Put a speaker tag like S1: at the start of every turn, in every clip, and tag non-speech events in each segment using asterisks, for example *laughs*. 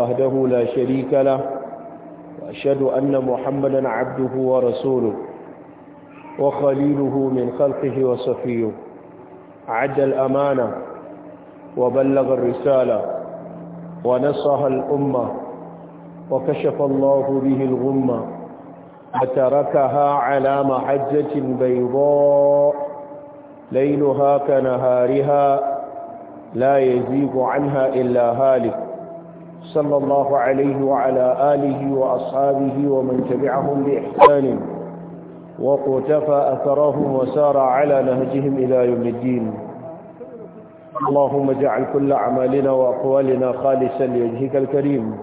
S1: وحده لا شريك له وأشهد أن محمدا عبده ورسوله وخليله من خلقه وصفيه عد الأمانة وبلغ الرسالة
S2: ونصها الأمة وكشف الله به الغمة وتركها على محجة بيضاء ليلها كنهارها لا يزيغ عنها إلا هالك صلى الله عليه وعلى آله وأصحابه ومن تبعهم بإحسان وقتفى أثرهم وسار على نهجهم إلى يوم الدين اللهم اجعل كل أعمالنا وأقوالنا
S1: خالصا لوجهك الكريم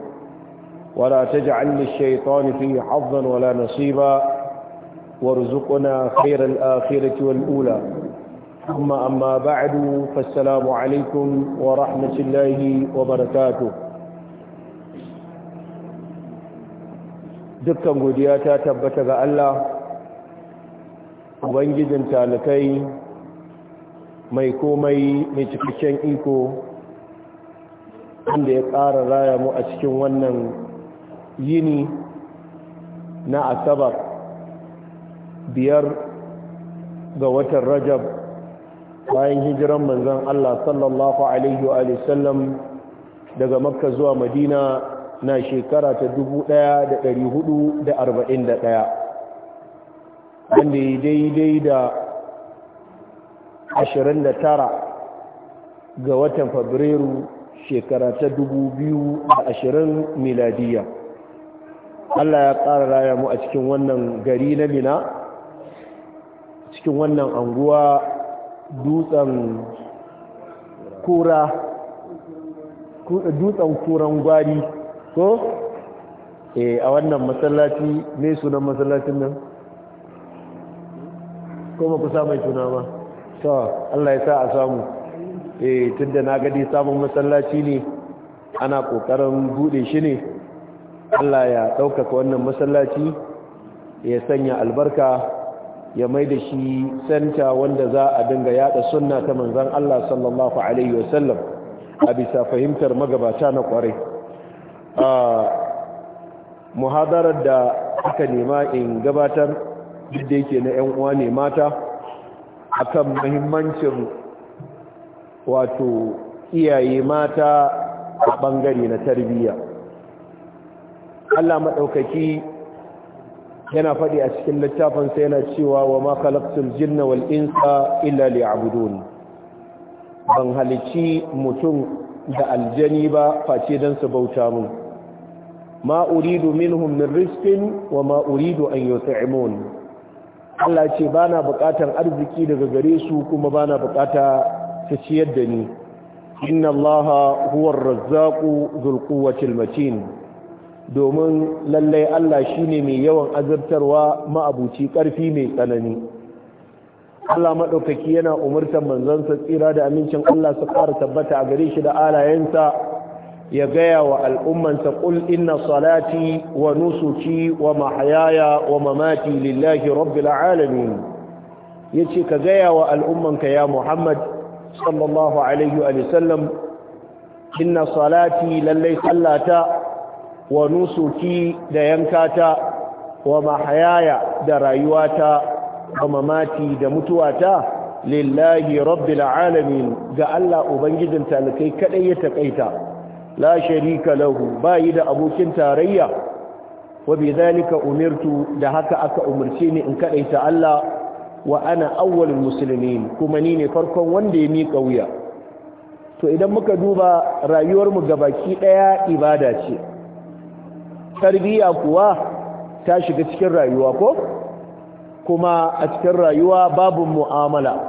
S1: ولا تجعل للشيطان فيه حظا
S2: ولا نصيبا وارزقنا خير الآخرة والأولى أما أما بعد فالسلام عليكم ورحمة الله
S1: وبركاته dukkan godiya ta tabbata ga Allah ubangijin talakai mai komai mai cikakken iko wanda ya ƙara raya mu a cikin wannan yini na asabar biyar ga watan rajab bayan hijiran manzan Allah sallallahu Alaihi wa sallam daga makka zuwa madina na shekara ta 1441 wanda ya daidai da da tara ga watan fabrairu shekara ta 2020 miladiya Allah ya ƙara raya mu a cikin wannan gari na mina cikin wannan anguwa dutsen kura dutsen kuran gwari ko eh, a wannan masallaci ne sunan masallacin nan ko ba ku samun mai suna ba to Allah ya sa a samu tun eh, tunda na gadi samun masallaci ne ana kokarin bude shi ne Allah ya ɗaukaka wannan masallaci ya sanya albarka ya mai da shi santa wanda za a dinga yada sunna ta manzan Allah sallallahu alaihi wasallam a bisa fahimtar magabata na kwarai muhadarar da aka nema in gabatar duk da yake na 'yan uwa ne mata akan muhimmancin wato iyaye mata a ɓangare na tarbiyya Allah maɗaukaki yana faɗi a cikin littafinsa yana cewa wa ma khalaqtul jinna wal insa illa liya'budun ban halici mutum da aljani ba face don su bauta mun ma uridu minhum min rizqin wa ma uridu an Allah ce bana bukatar arziki daga gare su kuma bana bukata ta ciyar da ni inna Allah huwa ar-razzaqu dhul domin lallai Allah shine mai yawan azabtarwa ma'abuci ƙarfi mai tsanani Allah maɗaukaki yana umurtar manzonsa, tsira da amincin Allah su ƙara tabbata a gare shi da alayensa ya gaya wa al'ummansa ƙul inna salati wa nusuki wa mahayaya wa mamati lillahi rabbil alamin ya ce ka gaya wa al'ummanka ya muhammad sallallahu alaihi wa sallam inna salati lallai sallata wa nusuki da yankata wa mahayaya da rayuwata wa mamati da mutuwata lillahi rabbil alamin ga Allah ubangijin talakai kadai ya takaita la sharika lahu bayi da abokin tarayya wa bidhalika umirtu da haka aka umarci ni in ta Allah wa ana awwalul muslimin kuma ni ne farkon wanda ya mika wuya to idan muka duba rayuwarmu ga baki ɗaya ibada ce tarbiya kuwa ta shiga cikin rayuwa ko kuma a cikin rayuwa babu mu'amala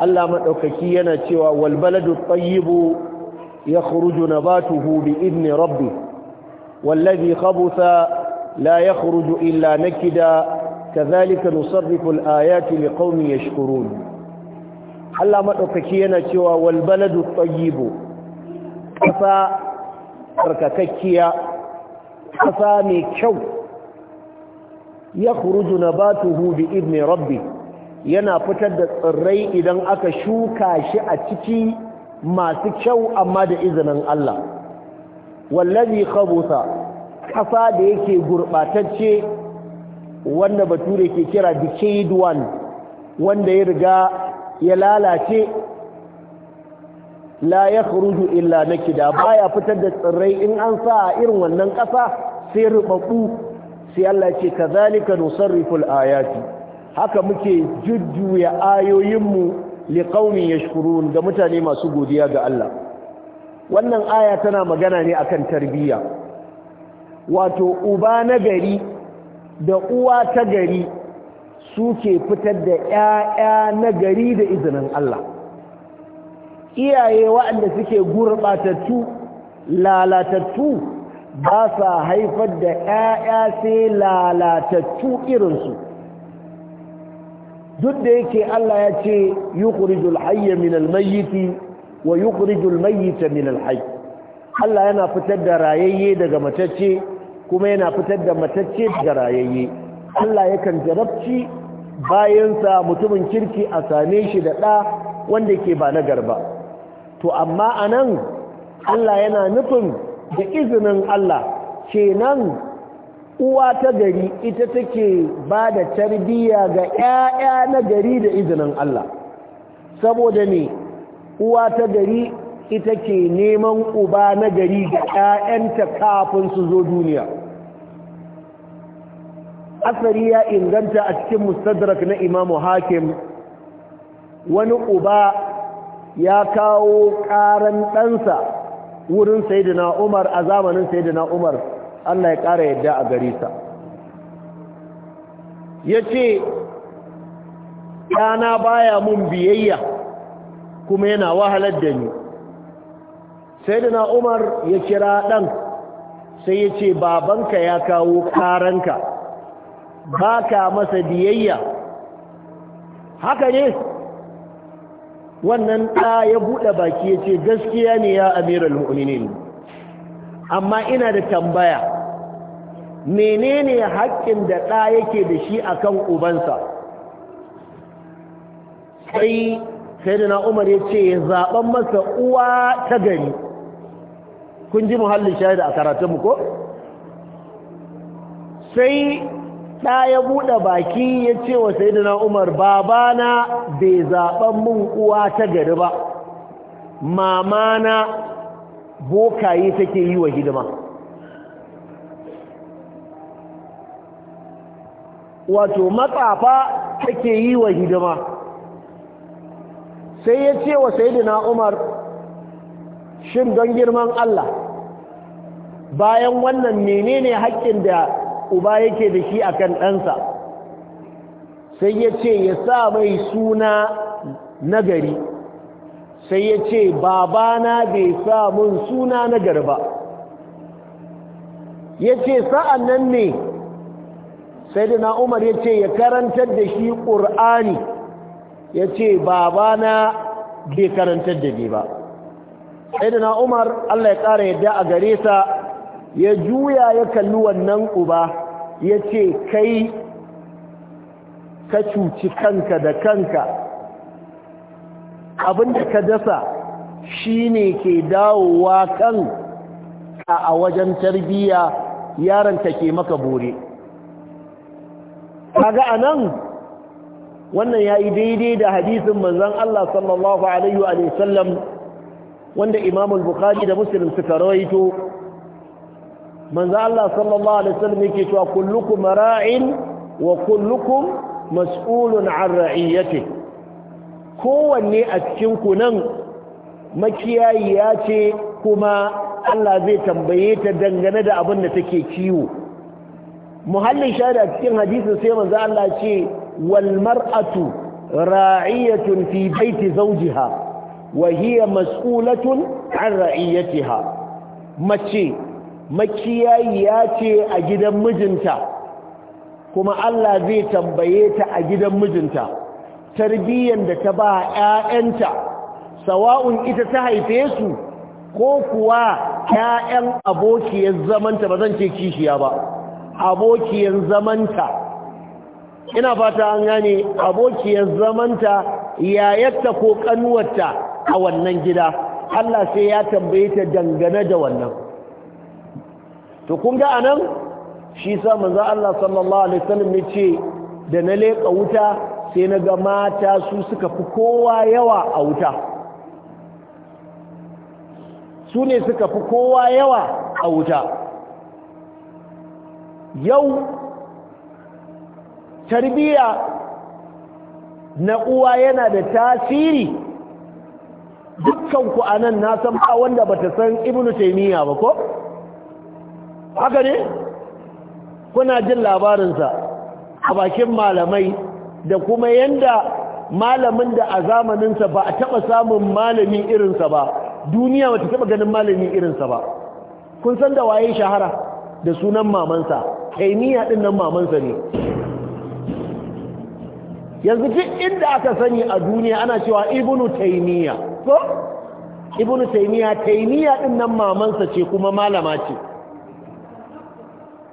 S1: Allah maɗaukaki yana cewa wal baladu tayyibu يخرج نباته بإذن ربه والذي خبث لا يخرج إلا نكدا كذلك نصرف الآيات لقوم يشكرون حلا ما تفكينا شوى والبلد الطيب كفا ركككيا كفا ميكشو يخرج نباته بإذن ربه ينا فتد الرئي إذن أكشوكا شئتكي masu kyau amma da izinin Allah wallazi khabusa kasa da yake gurbatacce wanda bature ke kira decayed one wanda ya riga ya lalace la yakhruju illa nakida baya fitar da tsirrai in an sa a irin wannan kasa sai rubabu sai Allah ce kazalika nusarriful ayati haka muke jujjuya ayoyinmu qaumin yashkurun ga mutane masu godiya ga Allah wannan aya tana magana ne akan tarbiyya wato uba na gari da uwa ta gari suke fitar da ƴaƴa na gari da izinin Allah iyaye waɗanda suke gurɓatattu lalatattu ba sa haifar da ƴaƴa sai lalatattu irinsu duk da yake Allah ya ce yukhrijul hayya min al wa yukhrijul mayyita min al Allah yana fitar da rayayye daga matacce kuma yana fitar da matacce daga rayayye Allah yakan jarabci bayan sa mutumin kirki a same shi da ɗa wanda ke ba nagarba to amma anan Allah yana nufin da izinin Allah kenan uwa ta gari ita take ba da tarbiyya ga 'ya'ya na gari da izinin Allah saboda ne uwa ta gari ita ke neman uba na gari ga 'ya'yanta kafin su zo duniya asari ya inganta a cikin mustadrak na imamu hakim wani uba ya kawo ƙaran ɗansa wurin sayidina umar a zamanin sayidina umar Allah ya ƙara yadda a gare sa ya ce ɗana baya mun biyayya kuma yana wahalar da ni sai da na umar ya kira ɗan sai ya ce babanka ya kawo ƙaranka ba ka masa biyayya haka ne wannan ɗa ya buɗe baki ya ce gaskiya ne ya amiral mu'minin amma ina da tambaya menene haƙƙin da ɗa yake da shi akan ubansa sai sayyidina umar ya ce ya zaɓen masa uwa ta gari kun ji muhallin da a karatunmu ko sai ɗa ya buɗe baki ya ce wa sayyidina umar babana bai zaɓen mun uwa ta gari ba mamana bokaye take yi wa hidima wato matsafa take yi wa hidima sai ya ce wa sayidina umar shin don girman Allah bayan wannan menene haƙƙin da uba yake da shi akan ɗansa sai ya ce ya sa mai suna nagari sai ya ce babana bai sa mun suna nagari ba ya ce sa'an ne sai da umar ya ce ya karantar da shi ƙur'ani ya ce babana bai karantar da ni ba sai da umar allah ya ƙara yadda a gare sa ya juya ya kalli wannan uba ya ce kai ka cuci kanka da kanka abinda ka dasa shine ke dawowa kan a wajen tarbiyya yaron ke maka bore kaga anan wannan yayi daidai da hadisin manzon Allah sallallahu alaihi wa sallam wanda Imam al-Bukhari da Muslim suka rawaito manzon Allah sallallahu alaihi wasallam yake cewa kullukum ra'in wa kullukum mas'ulun 'an ce. kowanne a cikin ku nan makiyayi ya ce kuma Allah zai tambaye ta dangane da abin da take kiwo muhallin shahada cikin hadisin sai manzo Allah ce wal mar'atu ra'iyatun fi baiti zawjiha wa hiya mas'ulatun an ra'iyatiha mace makiyayiya ce a gidan mijinta kuma Allah zai tambaye ta a gidan mijinta tarbiyyar da ta ba ƴaƴanta sawa'un ita ta haife su ko kuwa ƴaƴan abokiyar zamanta ba zan ce kishiya ba abokiyar zamanta ina fata an gane abokiyar zamanta yayarta ko kanuwarta a wannan gida Allah sai ya tambaye ta dangane da wannan to kun ga anan shi sa manzo Allah sallallahu alaihi wasallam ne ce da na leka wuta sai na ga mata su suka fi kowa yawa a wuta su ne suka fi kowa yawa a wuta yau tarbiyya na uwa yana da tasiri dukkan ku anan na san ba wanda bata san ibnu taymiya ba ko haka ne kuna jin labarinsa a bakin malamai da kuma yanda malamin da a zamaninsa ba a taɓa samun malami irinsa ba duniya wata taɓa ganin malami irinsa ba kun san da waye shahara da sunan mamansa taimiyya ɗin nan mamansa ne yanzu duk inda aka sani a duniya ana cewa ibnu taimiyya ko ibnu taimiyya taimiyya ɗin nan mamansa ce kuma malama ce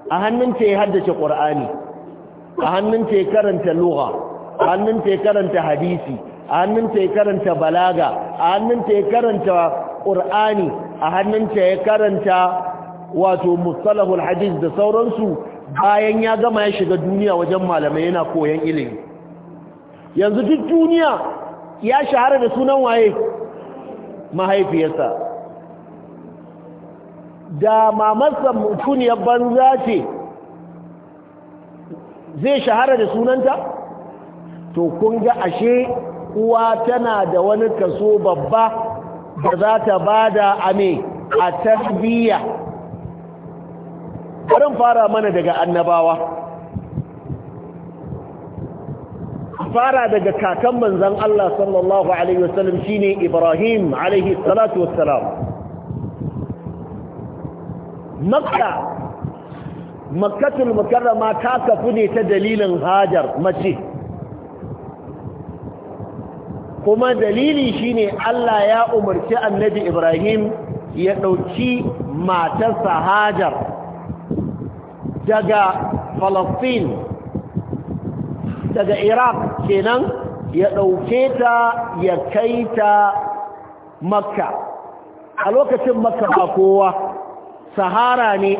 S1: a hannunta ya haddace Kur'ani a hannunta ya karanta lugha a hannunta ya karanta hadisi a hannunta ya karanta balaga a hannunta ya karanta qur'ani a hannunta ya karanta wato mustalahul hadis da sauransu bayan ya gama ya shiga duniya wajen malamai yana koyan ilimi yanzu duk duniya ya shahara da sunan waye mahaifiyarsa da mamarsa mutuniyar banza ce zai shahara da sunanta to kun ga ashe uwa tana da wani kaso babba da za ta bada ame a tarbiyya barin fara mana daga annabawa fara daga kakan manzan Allah sallallahu Alaihi wasallam shi Ibrahim Alaihi salatu wassalam. Makka, makkatul makarrama ta kafu ne ta dalilin hajar mace. Kuma dalili shine Allah ya umarci annabi Ibrahim ya ɗauki matarsa hajar daga falastin daga iraq kenan ya ɗauke ta ya kai ta makka a lokacin makka ba kowa sahara ne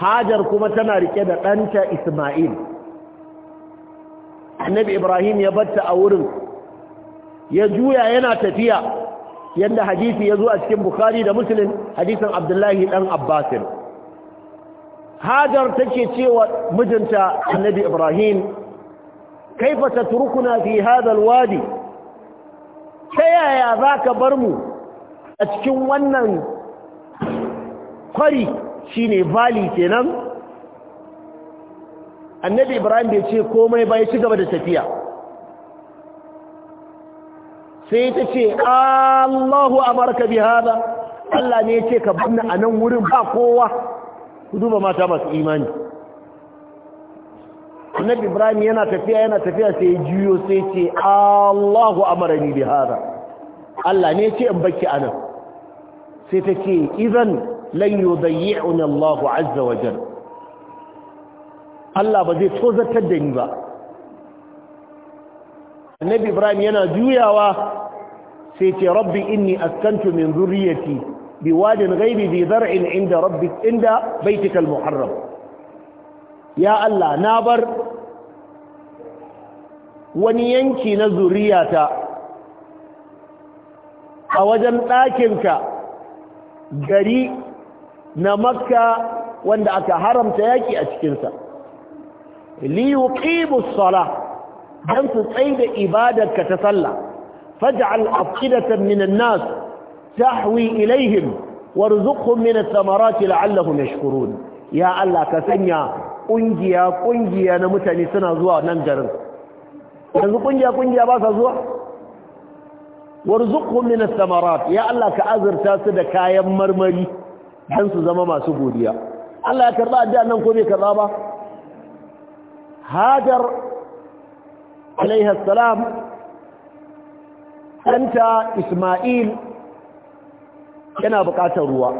S1: hajar kuma tana rike da ɗanta ismail annabi ibrahim ya batta a wurin ya juya yana tafiya yadda hadisi ya zo a cikin bukhari da Musulun hadisin abdullahi ɗan abbasin hajar take cewa mijinta annabi ibrahim kaifa tatrukuna fi ta alwadi tayaya zaka bar mu a cikin wannan kwari shine valley kenan annabi ibrahim bai ce komai ba ya ci gaba da tafiya sai ta ce allahu amarka bi hada allah ne ya ce ka banna a nan wurin ba kowa ku duba mata masu imani annabi ibrahim yana tafiya yana tafiya sai ya juyo sai ce allahu amarani bi hada allah ne ce in baki anan sai ta idan lan yudayyi'uni allah azza wa jal allah ba zai tozartar da ni ba annabi ibrahim yana juyawa sai ce rabbi inni askantu min zurriyati بواد bai ذي زرع عند ربك عند بيتك المحرم يا الله نابر ونينكي نزرياتا أوجن ɗakinka gari na makka wanda aka haramta yaki a cikinsa liyuqimu as-salah dan su da ibadarka ta sallah faj'al afqidatan tahwi ilaihim warzuqhum min ath-thamarati la'allahum yashkurun ya Allah ka sanya kungiya kungiya na mutane suna zuwa nan garin yanzu kungiya kungiya ba sa zuwa warzuqhum min ath ya Allah ka azurta su da kayan marmari dan su zama masu godiya Allah ya karba addu'a nan ko bai karba ba Hajar alaiha salam anta Isma'il yana buƙatar ruwa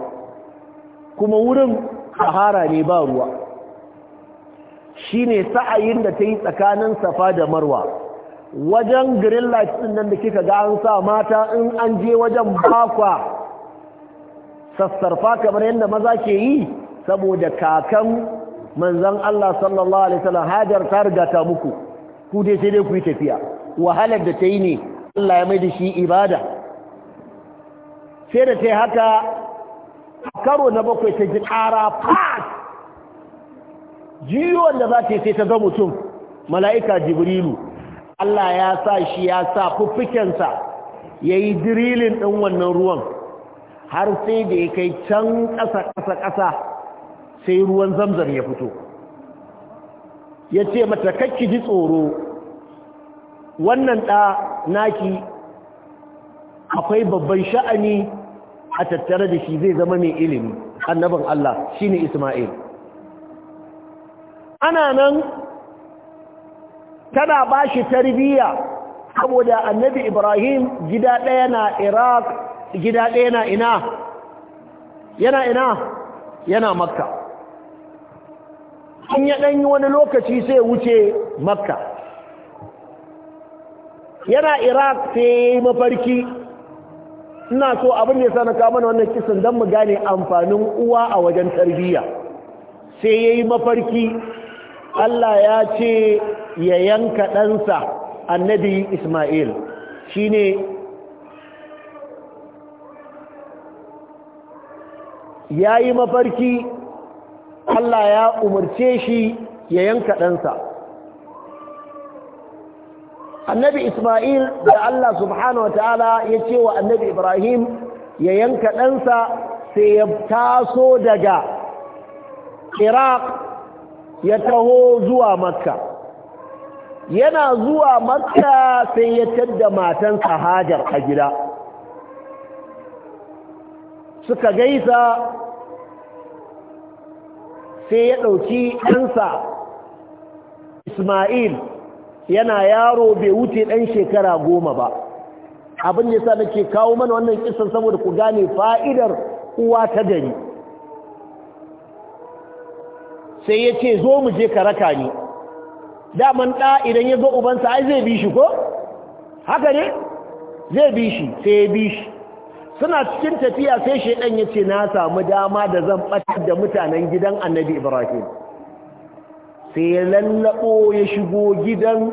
S1: kuma wurin sahara ne ba ruwa shine sa'ayin da ta yi tsakanin safa da marwa wajen green light ɗin nan da kika ga an sa mata in an je wajen bakwa sassarfa kamar yadda maza ke yi saboda kakan manzan Allah sallallahu alaihi wasallam hajar ta riga ta muku ku dai sai dai ku yi tafiya wahalar da ta yi ne Allah ya mai da shi ibada sai da ta haka a karo na bakwai ta ji ƙara fas jiwon da za ta yi sai ta ga mutum mala'ika jibrilu Allah ya sa shi ya sa fufikensa ya yi dirilin ɗin wannan ruwan har sai da ya kai can ƙasa-ƙasa-ƙasa sai ruwan zamzam ya fito ya ce mata kakki ji tsoro wannan ɗa naki akwai babban sha'ani a tattare da shi zai zama mai ilimi annabin Allah shine Isma'il ana nan tana ba shi tarbiyya saboda annabi Ibrahim gida ɗaya na Iraq gida ɗaya na ina yana ina yana makka in ya ɗanyi wani lokaci sai wuce makka yana iraq sai mafarki ina so abin da ya sani kawo mana wannan kisan don mu gane amfanin uwa a wajen tarbiyya sai ya yi mafarki Allah ya ce ya yanka ɗansa annabi Ismail shi ne ya yi mafarki Allah ya umarce shi ya yanka ɗansa annabi isma'il da Allah subhanahu wa ta'ala ya ce wa annabi ibrahim ya yanka ɗansa sai ya taso daga iraq ya taho zuwa makka yana zuwa makka sai ya tadda matansa hajar a gida suka gaisa sai ya ɗauki ɗansa isma'il yana yaro bai wuce ɗan shekara goma ba abin da sa nake kawo mana wannan kisan saboda ku gane fa'idar uwa ta gari sai ya ce zo mu je ka raka ni daman ɗa idan ya uban ubansa ai zai bi shi ko haka ne zai bi shi sai ya bi shi suna cikin tafiya sai shaidan ya ce na samu dama da zan ɓatar da mutanen gidan annabi ibrahim sai ya lallabo ya shigo gidan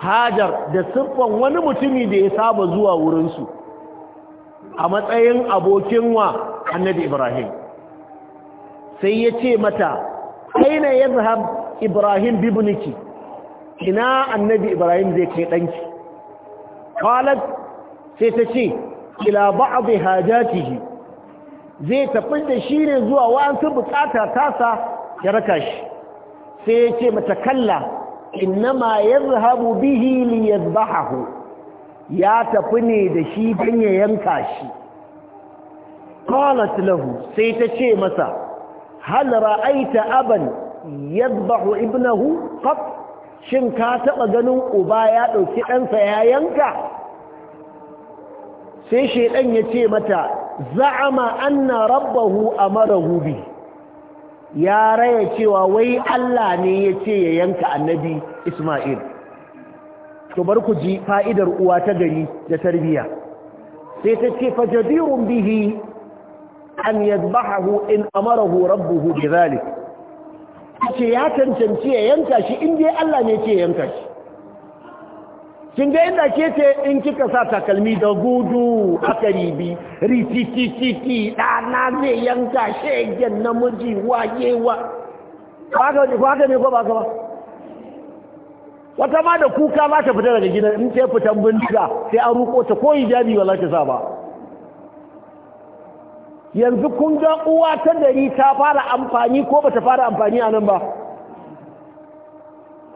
S1: hajar da siffan wani mutumi da ya saba zuwa wurinsu a matsayin abokin wa annabi ibrahim sai ya ce mata aina ya zahab ibrahim bibniki ina annabi ibrahim zai kai ɗanki kalat sai ta ce ila ba'adhi hajatihi zai tafi da shi ne zuwa wa'ansu bukata tasa ya raka shi sai ya ce mata kalla innama yazhabu bihi liyadhbahu ya tafi ne da shi don ya yanka shi qalat lahu sai ta ce masa hal ra'aita aban yadhbahu ibnahu qab shin ka taba ganin uba ya dauki ɗansa ya yanka sai shedan ya ce mata za'ama anna rabbahu amarahu bihi ya raya cewa wai Allah ne ya ce ya yanka annabi Ismail to bar ku ji fa'idar uwa ta gari da tarbiya sai ta ce fajadirun bihi an yadbahu in amarahu rabbuhu bidhalik ce ya cancanci ya yanka shi in dai Allah ne ce ya yanka shi kin ga inda ke ce in kika sa takalmi da gudu a karibi rititititi ɗana zai yanka shegen namiji wayewa haka ne ko ba ka ba wata ma da kuka ba ta fita daga gidan in ce fitan bindiga sai an ruko ta ko hijabi wala ta sa ba yanzu kun ga uwa ta dari ta fara amfani ko ba ta fara amfani a nan ba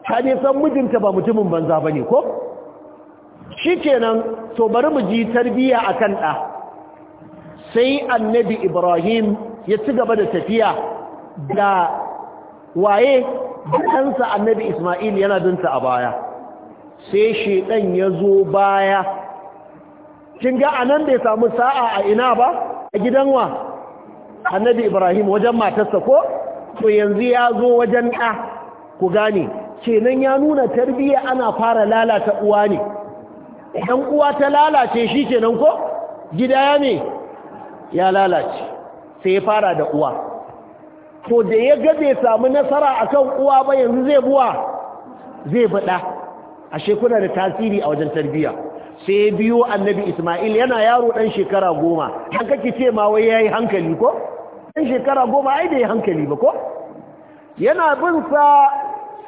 S1: ta ne san mijinta ba mutumin banza ba ne ko shikenan to bari mu ji tarbiya akan ɗa sai annabi ibrahim ya ci gaba da tafiya da waye ɗansa annabi isma'il yana binsa a baya sai shedan ya zo baya kin ga anan bai samu sa'a a ina ba a gidan wa annabi ibrahim wajen matarsa ko to yanzu ya zo wajen ɗa ku gane kenan ya nuna tarbiya ana fara lalata uwa ne Ɗan uwa ta lalace shi nan ko gida ya ne ya lalace sai ya fara da uwa to da ya ga bai samu nasara kan uwa ba yanzu zai buwa zai bada a shekuna da tasiri a wajen tarbiyya sai ya biyo annabi Ismail yana yaro ɗan shekara goma an kake ce ma wai ya yi hankali ko Ɗan shekara goma ai da hankali ba ko yana bin sa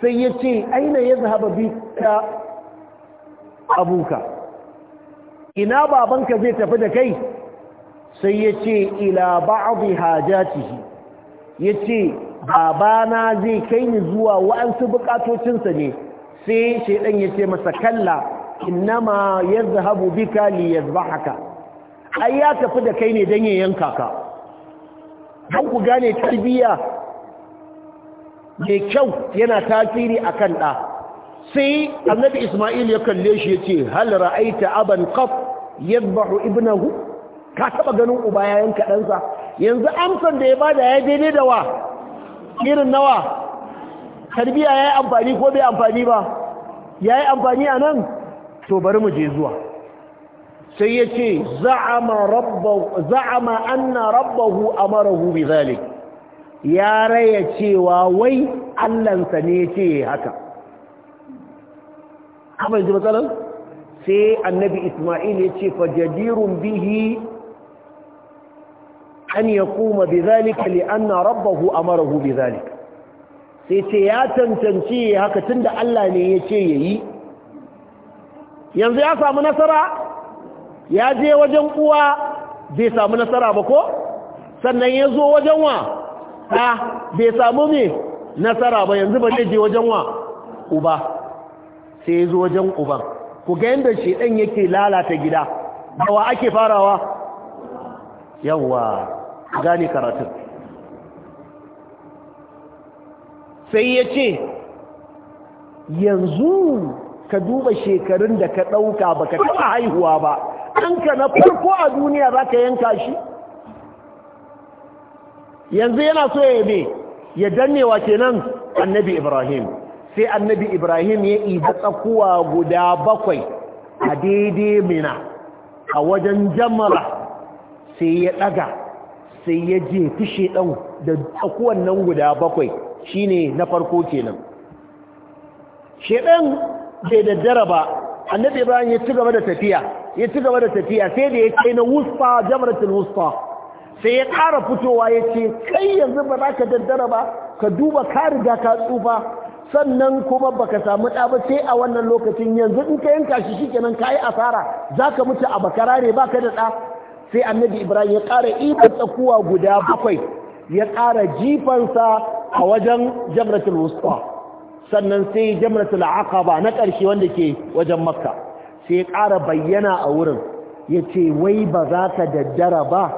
S1: sai ya ce aina zaba bi abuka ina babanka zai tafi da kai sai ya ce ila ba'adhi hajatihi ya ce babana zai kai ni zuwa wa'ansu bukatocinsa ne sai shaidan ya ce masa kalla innama zahabu bika li haka. ai ya tafi da kai ne dan ya yanka ka Hauku ku gane tarbiya mai kyau yana tasiri a kan da sai annabi Isma'il ya kalle shi ya ce hal ra'aita aban qat yadbahu ibnahu ka taba ganin uba ya ɗansa yanzu amsan da ya bada ya daidai da wa irin nawa tarbiya ya yi amfani ko bai amfani ba ya yi amfani a nan to bari mu je zuwa sai ya ce za'ama anna rabbahu amarahu bi zalik ya raya cewa wai allansa ne ce haka kamar ji matsalar sai annabi isma'il ya ce fajadirun bihi an ya kuma bi zalika li anna rabbahu amarahu bi zalika sai ce ya tantance haka tunda Allah ne ya ce yayi yanzu ya samu nasara ya je wajen kuwa bai samu nasara ba ko sannan ya zo wajen wa ha bai samu me nasara ba yanzu ba zai je wajen wa uba sai ya zo wajen uban ku ga yadda shaidan yake lalata gida dawa ake farawa yawa gane karatun sai ya ce yanzu ka duba shekarun da ka ɗauka ba ka taɓa haihuwa ba ɗanka na farko a duniya za ka yanka shi yanzu yana so ya yabe ya dannewa kenan annabi ibrahim sai annabi ibrahim ya ibi tsakuwa guda bakwai a daidai mina a wajen jamara sai ya ɗaga sai ya je fishe shedan da tsakuwan nan guda bakwai shine na farko kenan shedan bai daddara ba annabi ibrahim ya ci gaba da tafiya ya ci gaba da tafiya sai da ya kai na wusta jamratul wusfa sai ya ƙara fitowa ya ce kai yanzu ba za ka daddara ba ka duba ka riga ka tsufa sannan kuma baka samu ɗa ba sai a wannan lokacin yanzu in ka yanka shi shikenan ka yi asara za ka mutu a bakara ne ba ka da ɗa sai annabi ibrahim ya ƙara ibar tsakuwa guda bakwai ya ƙara jifansa a wajen jamratul wusta sannan sai jamratul aqaba na ƙarshe wanda ke wajen makka sai ya ƙara bayyana a wurin ya ce wai ba za ka daddara ba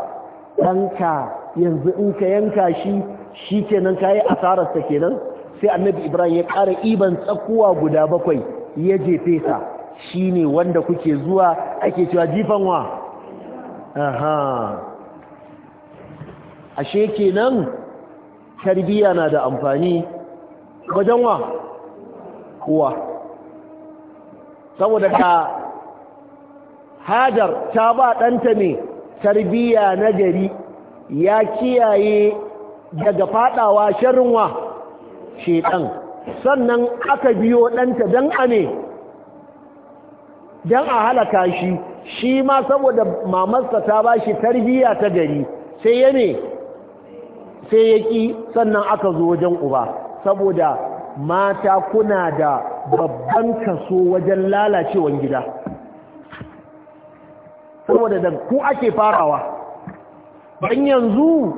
S1: ɗanka yanzu in ka yanka shi shi kenan ka yi asararsa kenan sai annabi ibrahim ya ƙara iban tsakuwa guda bakwai ya jefe sa shine wanda kuke zuwa ake cewa jifan wa aha ashe kenan tarbiya na da amfani wajen wa kuwa saboda ka hajar ta ba ɗanta ne tarbiya na gari ya kiyaye daga fadawa sharrin shedan sannan aka biyo ɗanta don a ne don a halaka shi shi ma saboda mamarsa ta ba shi tarbiyya ta gari sai ya ne sai ya ƙi sannan aka zo wajen uba saboda mata kuna da babban kaso wajen lalacewan gida saboda da ku ake farawa ban yanzu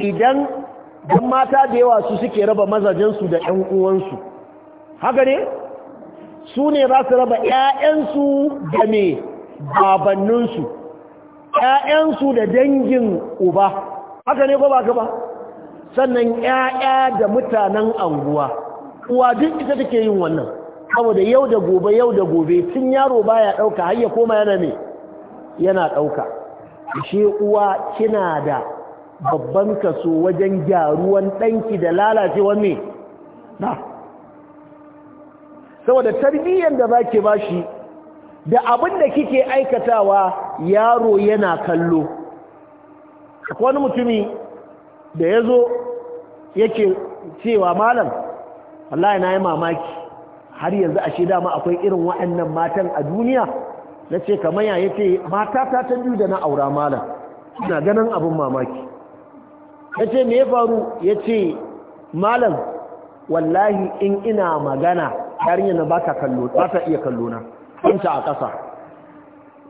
S1: idan don mata da yawa su suke raba mazajensu da 'yan uwansu haka ne su ne za su raba 'ya'yansu da me babanninsu 'ya'yansu da dangin uba haka ne ba ba sannan 'ya'ya da mutanen anguwa uwa duk ita take yin wannan saboda yau da gobe yau da gobe tun yaro ba ya ɗauka har ya koma yana me yana ɗauka shi uwa kina da babban kaso wajen gyaruwan ɗanki da lalacewa ne na saboda tarbiyyar da za ke bashi da abin da kike aikatawa yaro yana kallo wani mutumi da ya zo yake cewa malam wallahi na yi mamaki har yanzu ashe dama akwai irin wa'annan matan a duniya na ce kamar ya yake mata ta canju da na aura malam ina ganin abin mamaki ya ce me ya faru yace malam wallahi in ina magana yarinya na ba kallo ba iya kallo na kanta a ƙasa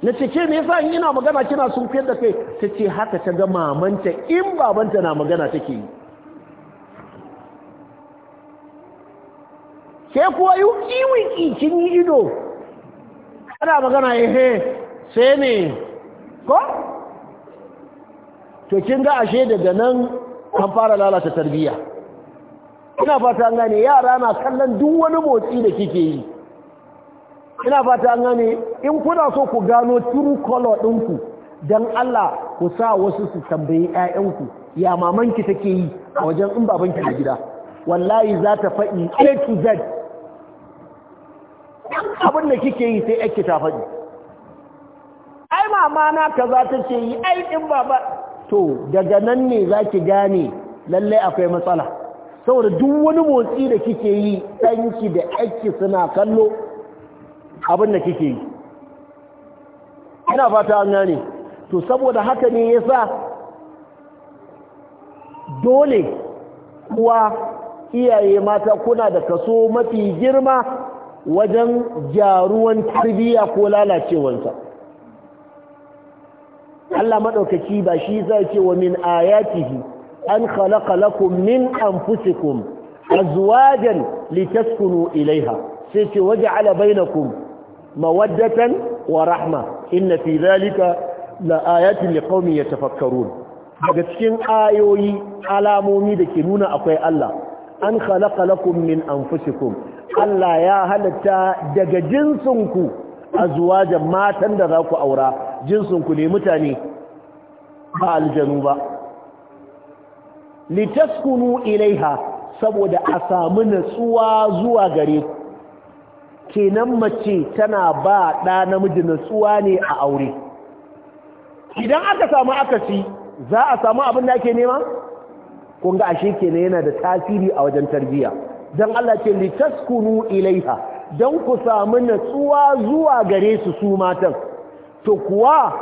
S1: na ce ke me yasa in ina magana kina sun fiye da kai ta ce haka ta ga mamanta in babanta na magana take yi ke kuwa yi kiwiki kin yi ido ana magana ehe sai ne ko to kin ga ashe daga nan an fara lalata tarbiyya ina fata an gane yara na kallon duk wani motsi da kike yi ina fata an gane in kuna so ku gano true color ɗinku don Allah ku sa wasu su tambayi 'ya'yanku ya mamanki take yi a wajen in babanki da gida wallahi za ta faɗi a to z abin da kike yi sai ake ta faɗi ai mama na kaza take yi ai in baba to daga nan ne za ki gane lallai akwai matsala saboda duk wani motsi da kike yi ɗanki da aiki suna kallo abin da kike yi ina fata an gane to saboda haka ne ya sa dole kuwa iyaye mata kuna da kaso mafi girma wajen gyaruwan tarbiyya ko lalacewansa Allah madaukaki ba shi zai ce wa min ayatihi an khalaqa lakum min anfusikum azwajan litaskunu ilaiha sai ce waja'ala bainakum mawaddatan wa rahma inna fi dhalika la ayatin liqaumin yatafakkarun daga cikin ayoyi alamomi da ke nuna akwai Allah an khalaqa lakum min anfusikum Allah ya halatta daga jinsinku azwajan matan da za ku aura Jinsin ku ne mutane ba aljanu ba litaskunu ilaiha saboda a samu natsuwa zuwa gare ku kenan mace tana ba ɗa namiji natsuwa ne a aure idan aka samu akasi za a samu abin da ake nema kun ga ashe kenan yana da tasiri a wajen tarbiyya Don Allah ce litaskunu ilaiha don ku samu natsuwa zuwa gare su su matan to kuwa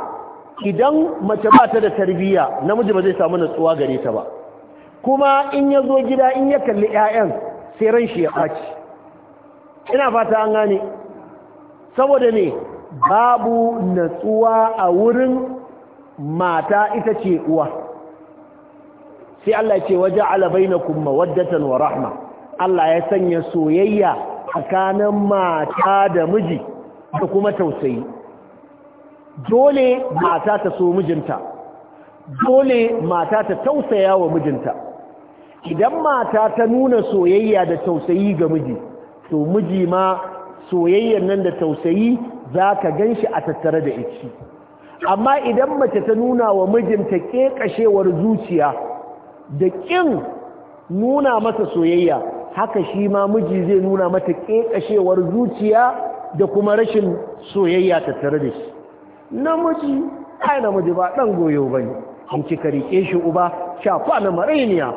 S1: idan mace ba ta da tarbiyya namiji ba zai samu natsuwa gare ta ba kuma in ya zo gida in ya kalli 'ya'yan sai ran shi ya ɓaci ina fata an gane saboda ne babu natsuwa a wurin mata ita ce uwa sai Allah ce waje alabai na kuma waddatan wa rahma Allah ya sanya soyayya tsakanin mata da miji da kuma tausayi dole mata ta so mijinta dole mata ta tausaya wa mijinta idan mata ta nuna soyayya da tausayi ga miji to miji ma soyayyan nan da tausayi zaka ka gan shi a tattare da ici amma idan mace ta nuna wa mijinta ƙeƙashewar zuciya da ƙin nuna masa soyayya haka shi ma miji zai nuna mata ƙeƙashewar zuciya da kuma rashin soyayya tattare da shi namiji ai namiji ba dan goyo bane An kika rike shi uba shafa na mareniya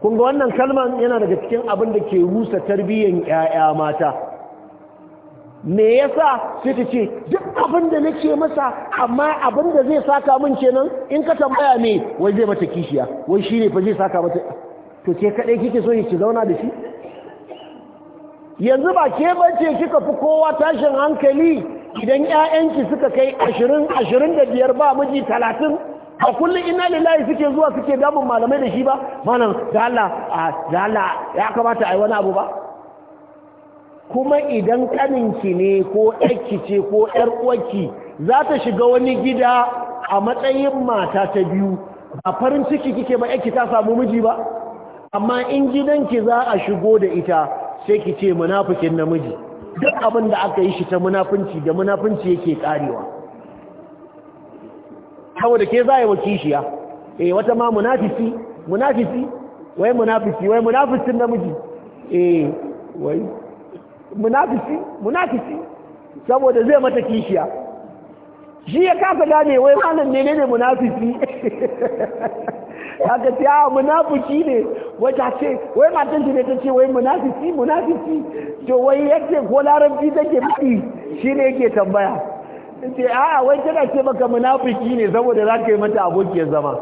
S1: kun ga wannan kalman yana daga cikin abin da ke rusa tarbiyyar yaya mata me yasa sai ta ce duk abin da nake masa amma abin da zai saka min kenan in ka tambaya me wai zai mata kishiya wai shine fa zai saka mata to ke kadai kike so ki zauna da shi yanzu ba ke bace kika fi kowa tashin hankali idan 'ya'yanki suka kai ashirin ashirin da biyar ba miji talatin a kullum ina lillahi suke zuwa suke damun malamai da shi ba malam da Allah da ya kamata a yi wani abu ba kuma idan kaninki ne ko ƴarki ce ko ƴar uwarki za ta shiga wani gida a matsayin mata ta biyu ba farin ciki kike ba ƴarki ta samu miji ba amma in gidanki za a shigo da ita sai ki ce munafikin namiji duk abin da aka yi shi ta munafunci da munafunci yake karewa saboda ke zai waki shi wa kishiya eh wata ma munafisi munafisi wai munafisi wai munafisin namiji eh wai munafisi munafisi saboda zai mata kishiya shi ya kafa gane wai malam ne ne munafisi *laughs* kaga ta ah, munafuki ne wata ce wai matan ta ta ce wai munafuki munafuki to wai ce ko larabci take shi shine yake tambaya ce a'a ah, wai tana ce maka munafuki ne saboda za ka yi mata abokiyar zama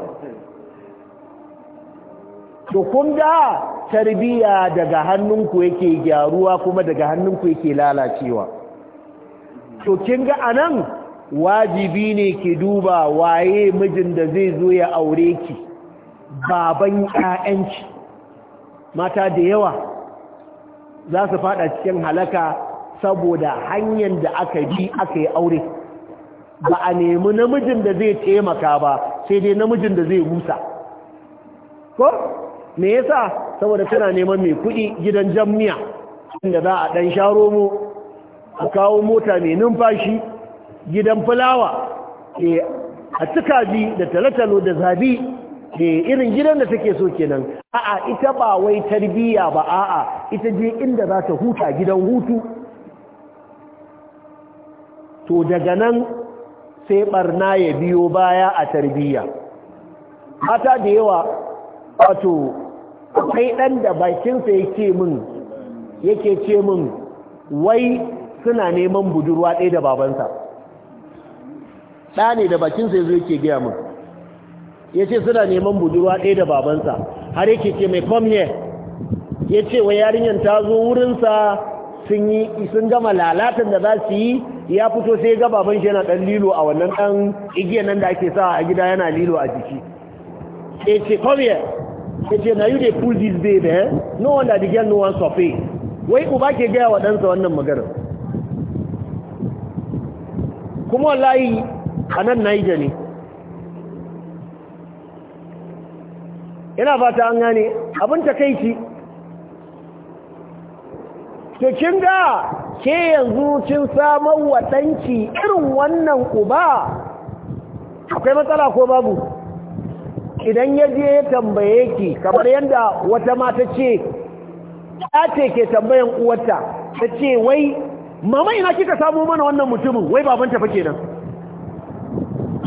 S1: to kun ga tarbiyya daga hannunku yake gyaruwa kuma daga hannunku yake lalacewa to kin ga anan wajibi ne ki duba waye mijin da zai zo ya aure ki baban 'ya'yanci, mata da yawa za su fada cikin halaka saboda hanyar da aka bi aka yi aure ba a nemi namijin da zai taimaka ba sai dai namijin da zai rusa ko me yasa saboda tana neman mai kuɗi gidan jammiya inda za a ɗan sharo mu a kawo mota mai numfashi gidan fulawa eh, a bi da talatalo da zabi ke eh, irin gidan da take so kenan a'a ita ba wai tarbiyya ba a'a ita je inda za ta huta gidan hutu to daga nan sai barna ya biyo baya a tarbiyya mata da yawa wato akwai ɗan da bakinsa yake min yake ce min wai suna neman budurwa ɗaya da babansa ɗa ne da bakinsa ya zo yake gaya min ya ce suna neman budurwa ɗaya da babansa har yake ce mai come here ya ce wa yarinyar ta zo wurinsa sun gama lalatan da za su yi ya fito sai ga baban shi yana ɗan lilo a wannan ɗan igiyar nan da ake sa a gida yana lilo a jiki ya ce come here ya ce na yi da pull this babe eh no wonder the girl no one wai uba ke gaya wa ɗansa wannan maganar kuma wallahi a nan naija ne ina fata an gane abin ta takaici to kin ga ke yanzu kin samar wa danki irin wannan uba akwai matsala ko babu idan ya je ya tambaye ki kamar yadda wata mata ce ta ce ke tambayan uwarta ta ce wai mama ina kika samu mana wannan mutumin wai babanta fa kenan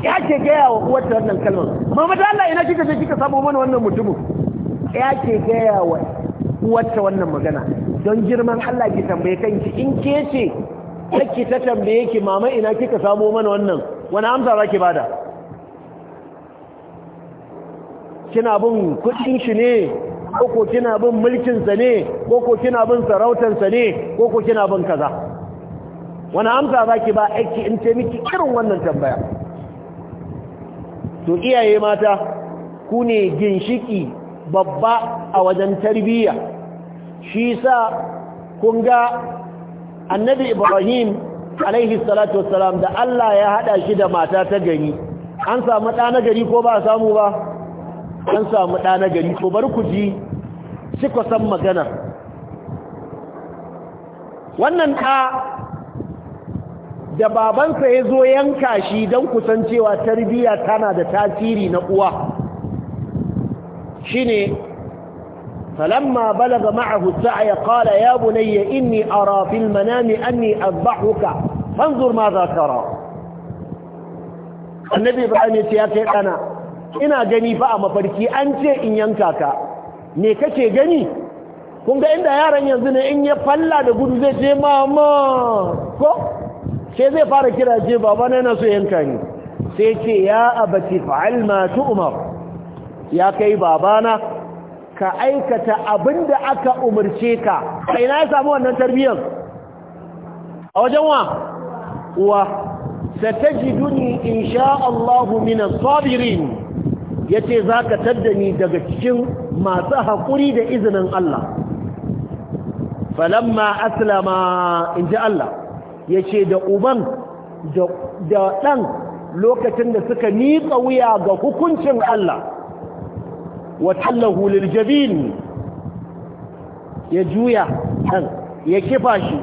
S1: ya ke gaya wa uwarta wannan kalmar mama da Allah ina kika je kika samu mana wannan mutumin ya ke gaya wa uwarta wannan magana don girman Allah ki tambaye kanki in ke ce kake ta tambaye ki mama ina kika samu mana wannan wani amsa zaki bada kina bin kudin shi ne koko kina bin mulkin sa ne koko kina bin sarautar sa ne koko kina bin kaza wani amsa zaki ba aiki in ce miki irin wannan tambaya to iyaye mata ku ne ginshiki babba a wajen tarbiyya shi sa kun ga annabi ibrahim alaihi salatu wassalam da Allah ya hada shi da mata ta gari an samu ɗa nagari ko ba samu ba an samu ɗa nagari gari ko bar ku ji ko san magana wannan ɗa da babansa ya zo yanka shi don kusancewa tarbiyya tana da tasiri na uwa shine فلما بلغ معه السعي قال يا بني إني أرى في za أني rawa. Annabi ماذا ترى النبي ya kai أنا ina gani fa a mafarki an ce in yanka ka me kake gani kun ga inda yaran yanzu ne in ya falla da gudu zai ce mama ko sai zai fara kira je baba na yana so yanka ni sai ce ya abati fa'al ma tu'mar ya kai babana ka aikata abinda aka umarce ka sai na samu wannan tarbiyyar a wajen wa uwa satajiduni insha Allah min as-sabirin yace zaka taddani daga cikin masu hakuri da izinin Allah falamma aslama inji Allah ya ce da uban da ɗan lokacin da suka miƙa wuya ga hukuncin Allah wa tallahu liljabin ya juya ɗan ya kifa shi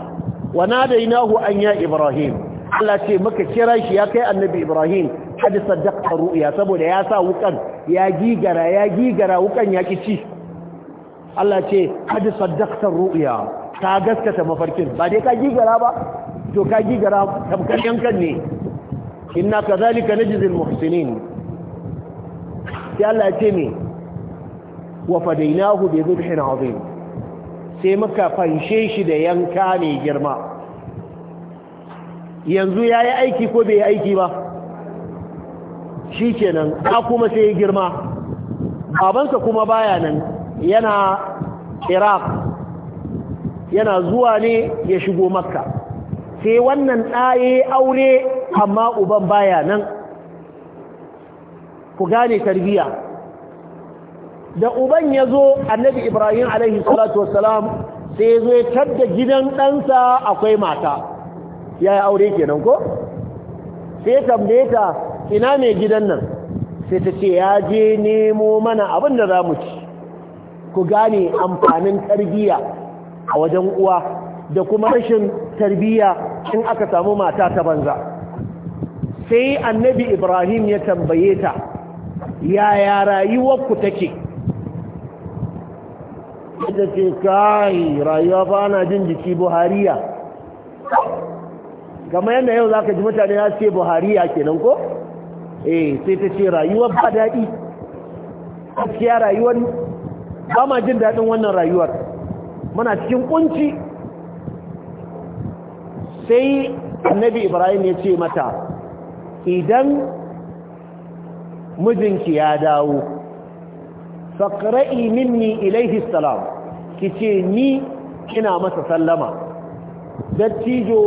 S1: wa nadainahu an ya Ibrahim Allah ce muka kira shi ya kai annabi Ibrahim hadi saddaqta ru'ya saboda ya sa wukan ya gigara ya gigara wukan ya kici Allah ce hadi saddaqta ru'ya ka gaskata mafarkin ba dai ka gigara ba to ka gigara tamkar yankan ne inna kazalika najzil muhsinin sai Allah ya ce me wa fadainahu bi dhibhin azim sai muka fanshe shi da yanka mai girma yanzu yayi aiki ko bai aiki ba shikenan ka kuma sai ya girma babansa kuma baya nan yana Iraq yana zuwa ne ya shigo Makka sai wannan ɗaye aure amma uban baya nan ku gane tarbiya da uban ya zo annabi ibrahim alaihi salatu wasalam sai ya zo ya tadda gidan ɗansa akwai mata ya yi aure kenan ko sai ya tambaye ta ina mai gidan nan sai ta ce ya je nemo mana abin da za mu ci ku gane amfanin tarbiya a wajen uwa da kuma rashin tarbiya in aka samu mata ta banza sai annabi ibrahim ya tambaye ta yaya rayuwarku take da ce kai rayuwa ba na jin jiki buhariya gama yadda yau za ka ji mutane ya ce buhariya kenan ko? eh sai ta ce rayuwar ba daɗi gaskiya rayuwar ba ma jin daɗin wannan rayuwar muna cikin kunci sai annabi ibrahim ya ce mata idan mijinki ya dawo faqra'i minni ilayhi salam ki ni kina masa sallama dattijo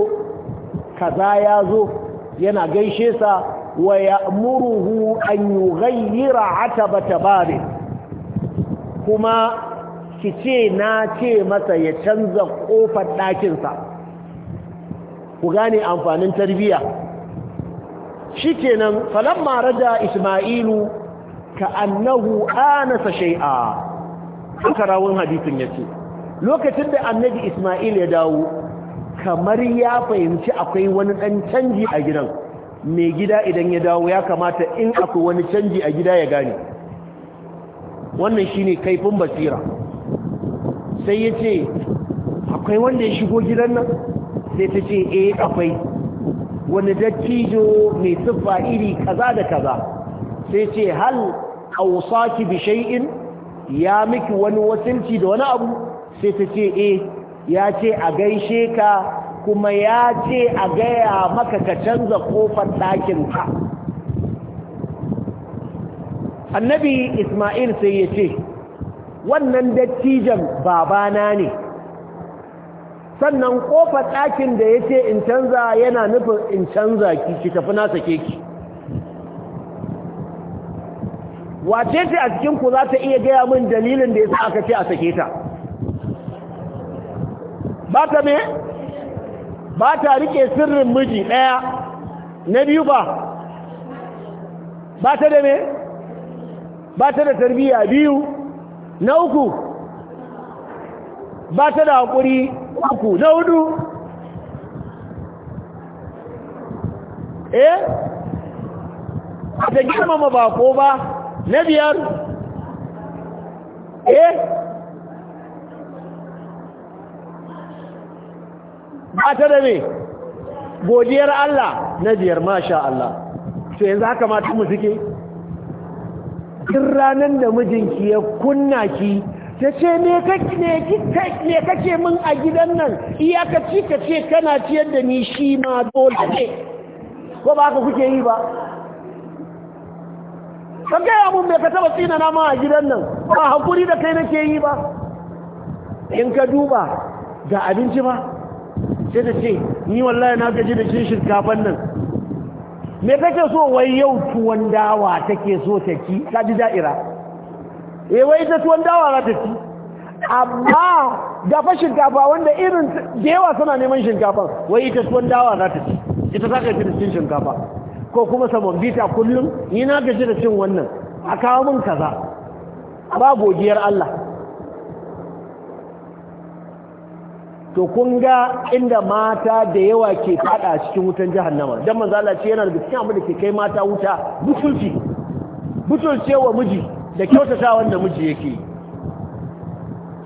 S1: kaza ya zo yana gaishe sa wa ya'muruhu an yughayyira atabata bari kuma ki ce na ce masa ya canza kofar ɗakinsa ku gane amfanin tarbiya Shi shikenan falamma da isma'ilu ka annahu anasa shay'a haka rawun hadisin ce. lokacin da annabi isma'il ya dawo kamar ya fahimci akwai wani dan canji a gidan mai gida idan ya dawo ya kamata in akwai wani canji a gida ya gane wannan shine kaifin basira sai yace akwai wanda ya shigo gidan nan sai ta ce eh akwai wani dattijo mai siffa iri kaza da kaza sai ce hal awsaki bi shay'in ya miki wani wasinci da wani abu sai ta ce eh ya ce a gaishe ka kuma ya ce a gaya maka ka canza kofar ɗakin ka annabi isma'il sai ya ce wannan dattijan babana ne sannan kofar ɗakin da ya ce in canza yana nufin in canza ki ki tafi nasa sake ki wace ce a cikinku za ta iya gaya min dalilin da ya sa aka ce a sake ta ba ta me ba ta rike sirrin miji ɗaya na biyu ba ba ta da me ba ta da tarbiyya biyu na uku ba ta da haƙuri uku na hudu eh ta girmama bako ba na biyar eh ba ta da me godiyar Allah na biyar masha Allah to yanzu haka mata mu suke duk ranar da mijinki ya kunna ki ta ce me kake min a gidan nan iyakaci ka ce kana ciyar da ni shi ma dole ne ko ba ka kuke yi ba kan gaya mun bai ka taba tsina na ma a gidan nan ba hakuri da kai nake yi ba in ka duba ga abinci ba. sai ta ce ni wallahi na gaji da cin shinkafan nan me kake so wai yau tuwon dawa take so ta ci ka ji da'ira E wai ta tuwon dawa za ta fi amma dafa shinkafa wanda irin da yawa suna neman shinkafa wai ita tuwon dawa za ta fi ita za ka fi shinkafa ko kuma saman bita kullum yi na gaji da cin wannan a kawo min kaza ba godiyar Allah to kun ga inda mata da yawa ke fada cikin wutan jahannama dan manzo Allah ce yana da cikin abin da ke kai mata wuta butulci butulce wa miji da kyautata wanda miji yake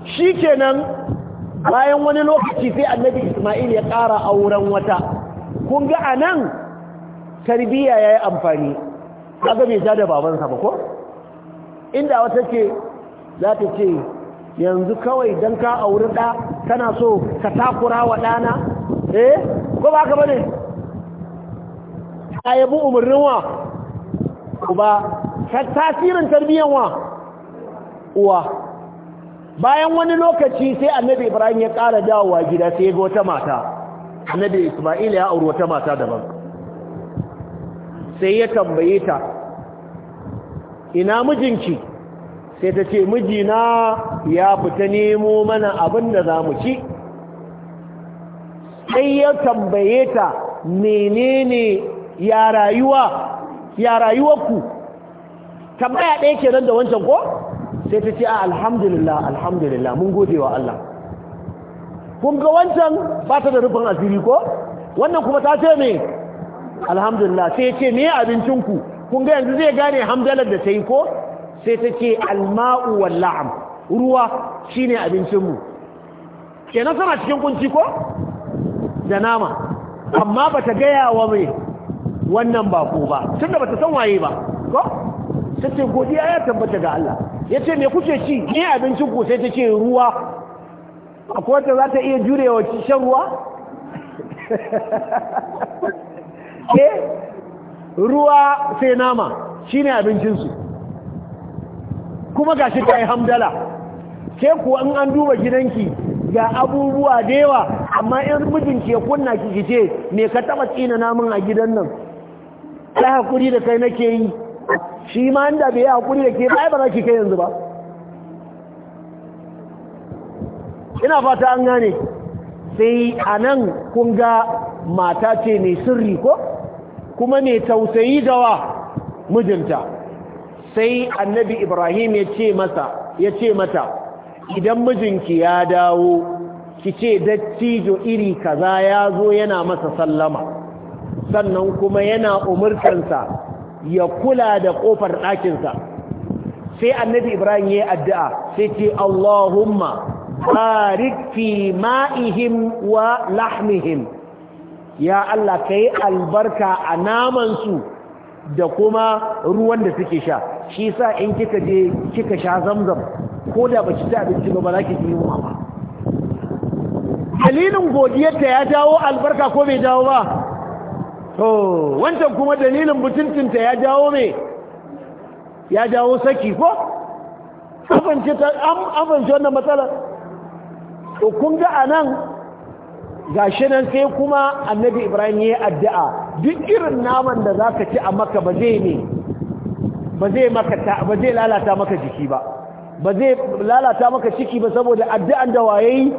S1: shi kenan bayan wani lokaci sai annabi ismail ya ƙara auren wata kun ga a nan yayi ya amfani kaga bai ja babansa ba ko inda wata ce za ta ce yanzu kawai dan ka auri ɗa kana so ka takura wa ɗana eh ko ba ka bane ayabu yabi Ka tasirin tarbiyyar wa uwa bayan wani lokaci sai annabi ibrahim ya ƙara dawowa gida sai ya ga wata mata annabi isma'ila ya auri wata mata daban sai ya tambaye ta ina mijinki sai ta ce mijina ya fita nemo mana abin da za mu ci sai ya tambaye ta menene ya rayuwa ya rayuwarku tambaya ɗaya nan da wancan ko sai ta ce a alhamdulillah alhamdulillah mun gode wa Allah kun ga wancan ba ta da rufin asiri ko wannan kuma ta ce me alhamdulillah sai ce me abincinku kun ga yanzu zai gane hamdalar da ta yi ko sai ta ce alma'u wal la'am ruwa shine abincinmu kenan sana cikin kunci ko da nama amma bata gaya wa mai wannan ba ku ba tunda bata san waye ba ko sai godiya ya tabbata ga Allah yace me kuke ci ne abincin ku sai ta ce ruwa akwai wata za iya jurewa shan ruwa ke *laughs* eh, ruwa sai nama shine abincinsu kuma gashi ta yi hamdala ke ku in an duba gidanki ga abubuwa da yawa amma in mijinki ya kunna ki ce me ka taba tsina namun a gidan nan kai hakuri da kai nake yi shi ma inda bai hakuri da ke ba ba za ki kai yanzu ba ina fata an gane sai a nan kun ga mata ce mai sirri ko kuma mai tausayi gawa mijinta sai annabi ibrahim ya ce masa ya ce mata idan mijinki ya dawo ki ce dattijo iri kaza ya zo yana masa sallama sannan kuma yana umurtansa ya kula da kofar ɗakinsa sai annabi ibrahim ya yi addu'a sai ce allahumma barik fi ma'ihim wa lahmihim ya Allah ka yi albarka a naman su da kuma ruwan da suke sha shi sa in kika je kika sha zamzam ko da ba ci abinci ba za ki yi ba dalilin godiyarta ya dawo albarka ko bai dawo ba to wancan kuma dalilin mutuncinta ya jawo me ya jawo saki ko amince wannan matsalar to kun ga anan gashi nan sai kuma annabi ibrahim ya yi addu'a duk irin naman da za ka ci a maka ba zai ne ba zai lalata maka jiki ba ba zai lalata maka ciki ba saboda addu'an da waye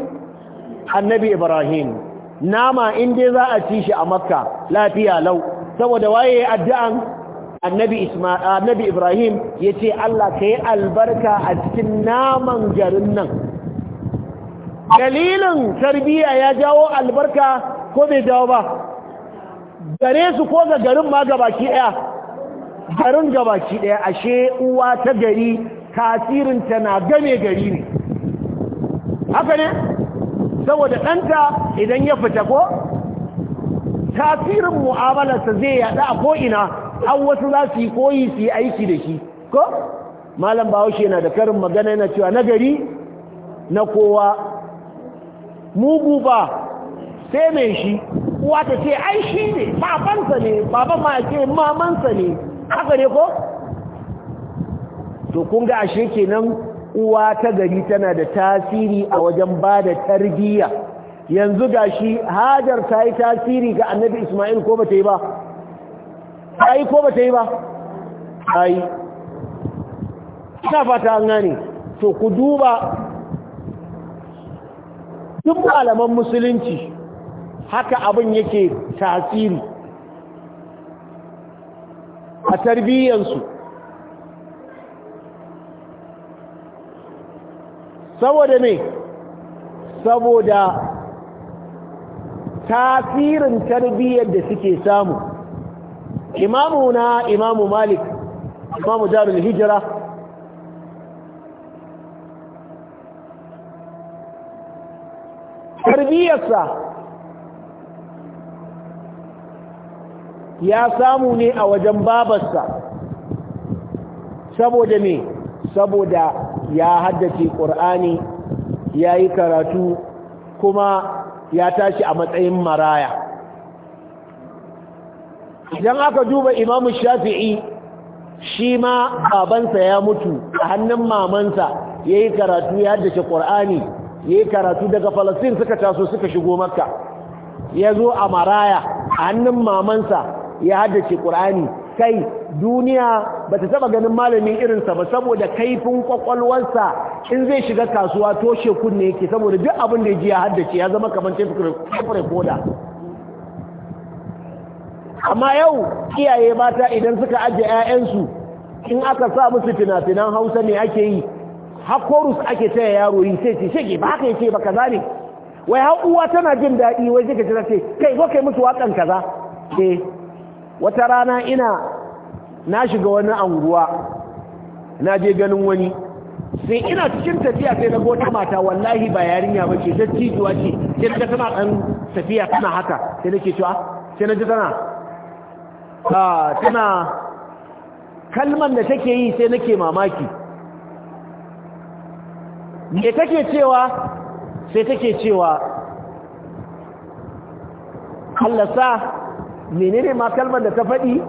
S1: annabi ibrahim nama in dai za a ci shi a makka lafiya lau saboda waye addu'an annabi isma'il annabi ibrahim yace Allah yi albarka a cikin naman garin nan dalilin tarbiya ya jawo albarka ko bai jawo ba gare su ko ga garin ma gabaki daya garin gabaki daya ashe uwa ta gari tasirin ta na game gari ne haka ne saboda ɗanta idan ya fita ko tasirin mu'amalarsa zai yaɗa a ko'ina an wasu za su yi koyi su yi aiki da shi ko malam bahaushe na da karin magana yana cewa na gari na kowa mugu ba sai mai shi uwa ta ce ai shi ne babansa ne baban ma ce mamansa ne haka ne ko to kun ga ashe kenan uwa ta gari tana da tasiri a wajen ba da tarbiyya yanzu gashi hajar ta yi tasiri ga annabi ismail ko ba ta yi ba ta yi ko ba ta yi ba ta yi ina fata an to ku duba duk malaman musulunci haka abin yake tasiri a tarbiyyansu saboda me saboda tasirin tarbiyyar da suke samu imamu na imamu malik imamu darul hijira tarbiyyarsa ya samu ne a wajen babarsa saboda me saboda ya haddace ƙur'ani ya yi karatu kuma ya tashi a matsayin maraya idan aka duba imamu shafi'i shi ma babansa ya mutu a hannun mamansa ya yi karatu ya haddace ƙur'ani ya yi karatu daga falasin suka taso suka shigo makka ya zo a maraya a hannun mamansa ya haddace ƙur'ani kai duniya ba ta taba ganin malamin irinsa ba saboda kaifin kwakwalwarsa in zai shiga kasuwa toshe kunne yake saboda duk abin da ji ya haddace ya zama kamar tafi koda amma yau iyaye mata idan suka ajiye 'ya'yansu in aka sa musu fina hausa ne ake yi hakorus ake taya yaro yi sai ce shege ba haka yake ba kaza ne wai har uwa tana jin daɗi wai zai ka ce kai ko kai musu waƙan kaza eh wata rana ina na shiga wani anguwa na je ganin wani sai ina cikin tafiya sai na gota mata wallahi ba yarinya ba ce ta cikiwa ce sai na tana ɗan tafiya tana haka sai nake cewa sai na ji tana tana kalman da take yi sai nake mamaki me take cewa sai take cewa Allah sa menene ma kalmar da ta faɗi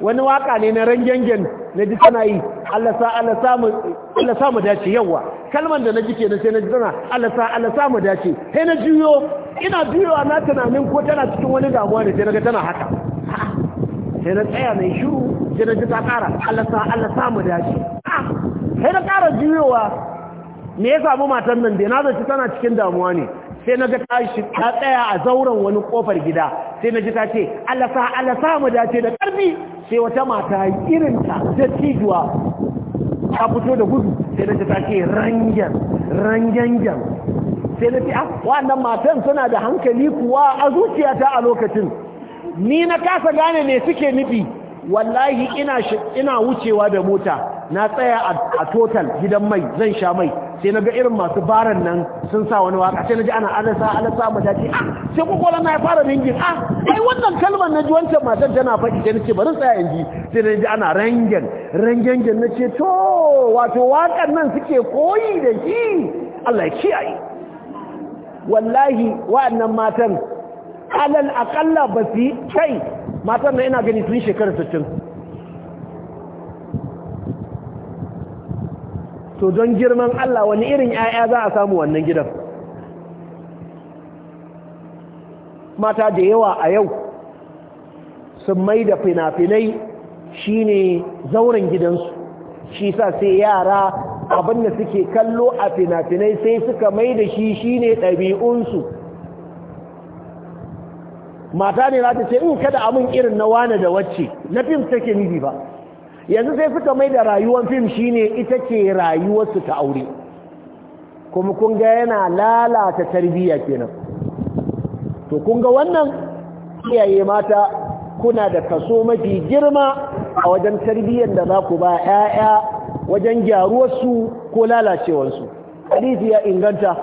S1: wani waka ne na rangengen na ji tana yi Allah sa mu dace yawa kalmar da na ji kenan sai na ji tana Allah sa mu dace sai na juyo ina juyowa na tunanin ko tana cikin wani damuwa ne sai na ga tana haka sai na tsaya mai shiru sai na ji ta ƙara Allah sa mu dace sai na ƙara juyowa me ya samu matan nan da na zaci tana cikin damuwa ne sai na ga tashi ta tsaya a zauren wani kofar gida sai na ji ta ce alasa alasa mu dace da karfi sai wata mata irinta da tijuwa ta fito da gudu sai na ji ta ce rangen rangengen sai na ce ah wannan matan suna da hankali kuwa a zuciyata a lokacin ni na kasa gane ne suke nufi wallahi ina wucewa da mota na tsaya a total gidan mai zan sha mai sai na ga irin masu baran nan sun sa wani waka sai na ji ana alasa alasa mataki a ah, sai kokola na ya fara ringin a ah, ai wannan kalmar na ji wancan matan tana faɗi sai na ce bari tsaya in sai na ji ana rangen rangen na ce to wato wakan nan suke koyi da shi Allah ya kiyaye wallahi wa'annan matan alal akalla ba su yi kai matan na ina gani sun shekaru 60 to don girman Allah wani irin 'ya'ya za a samu wannan gidan mata da yawa a yau sun mai da fina-finai shine zauren gidansu shi sa sai yara abin da suke kallo a fina-finai sai suka mai da shi shine ɗabi'unsu mata ne za ta ce in kada amin irin na wane da wacce na fim take nufi ba yanzu sai suka mai da rayuwar fim shine ita ce rayuwarsu ta aure kuma kun ga yana lalata tarbiyya kenan to kun ga wannan iyaye mata kuna da kaso mafi girma a wajen tarbiyyar da za ku ba 'ya'ya wajen gyaruwarsu ko lalacewarsu hadisi ya inganta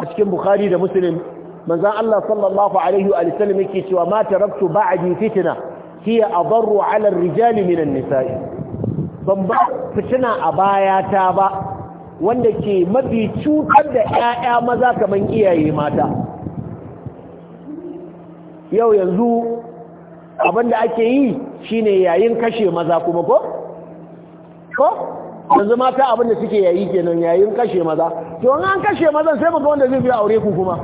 S1: a cikin bukhari da muslim manzan Allah sallallahu alaihi wa sallam yake cewa ma taraktu ba'di fitna hiya adarru ala ar-rijali min an-nisa'i babban fitina a baya ta ba wanda ke mafi cutar da ƴaƴa maza kaman iyaye mata yau yanzu abinda ake yi shine yayin kashe maza kuma ko? ko? yanzu mata abinda suke yayi kenan yayin kashe maza to an kashe mazan sai ga wanda zai fi aure ku kuma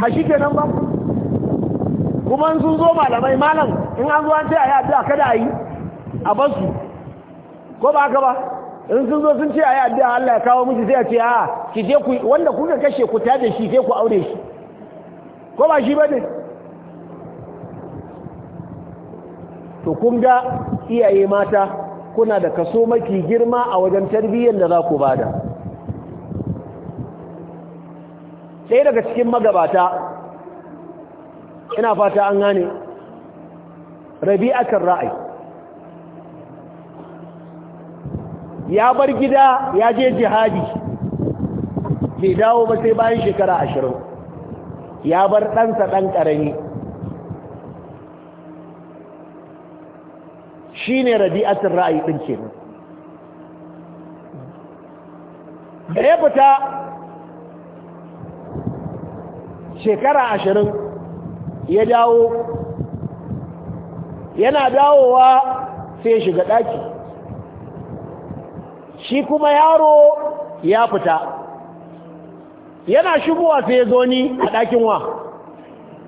S1: ha shi kenan ba kuma sun zo malamai malam in an zo an ce a yi a kada a yi a basu ko ba haka ba in sun zo sun ce a yi addu'a Allah ya kawo miki sai a ce a ki je ku wanda kuka kashe ku tada shi sai ku aure shi ko ba shi bane to kun ga iyaye mata kuna da kaso maki girma a wajen tarbiyyar da za ku bada ɗaya daga cikin magabata ina fata an gane akan ra'ayi ya bar gida ya je jihadi bai dawo ba sai bayan shekara ashirin ya bar ɗansa ɗan ƙarami shi ne rabi'atin ra'ayi ɗin ke da ya fita shekara ashirin ya dawo yana dawowa sai shiga ɗaki shi kuma yaro ya fita yana shigowa sai ya zo ni a ɗakin wa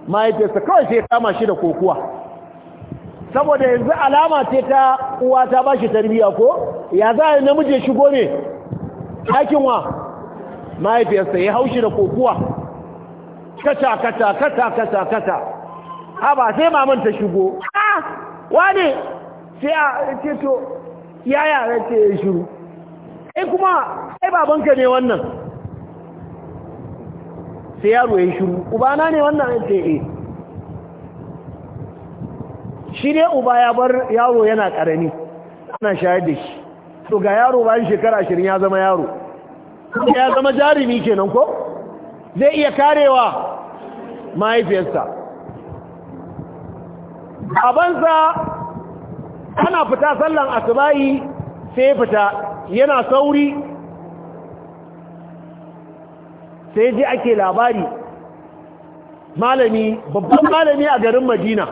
S1: mahaifiyarsa kawai sai ya kama shi da kokuwa saboda yanzu alama ce ta uwa ta ba shi tarbiyya ko ya za a namiji ya shigo ne ɗakin wa mahaifiyarsa ya haushi da kokuwa kata kata kata kata kata ha ba sai maman ta shigo ah wane sai a ce to yaya ya ce ya eh, shiru E kuma ai babanka ne wannan sai yaro ya yi Uba ubana ne wannan sai eh shi ne uba ya bar yaro yana karami ana shayar da shi to ga yaro bayan shekara ashirin ya zama yaro ya zama jarumi kenan ko zai iya karewa mahaifiyarsa abansa ana fita sallan asibayi sai fita yana sauri sai ji ake labari malami babban malami a garin madina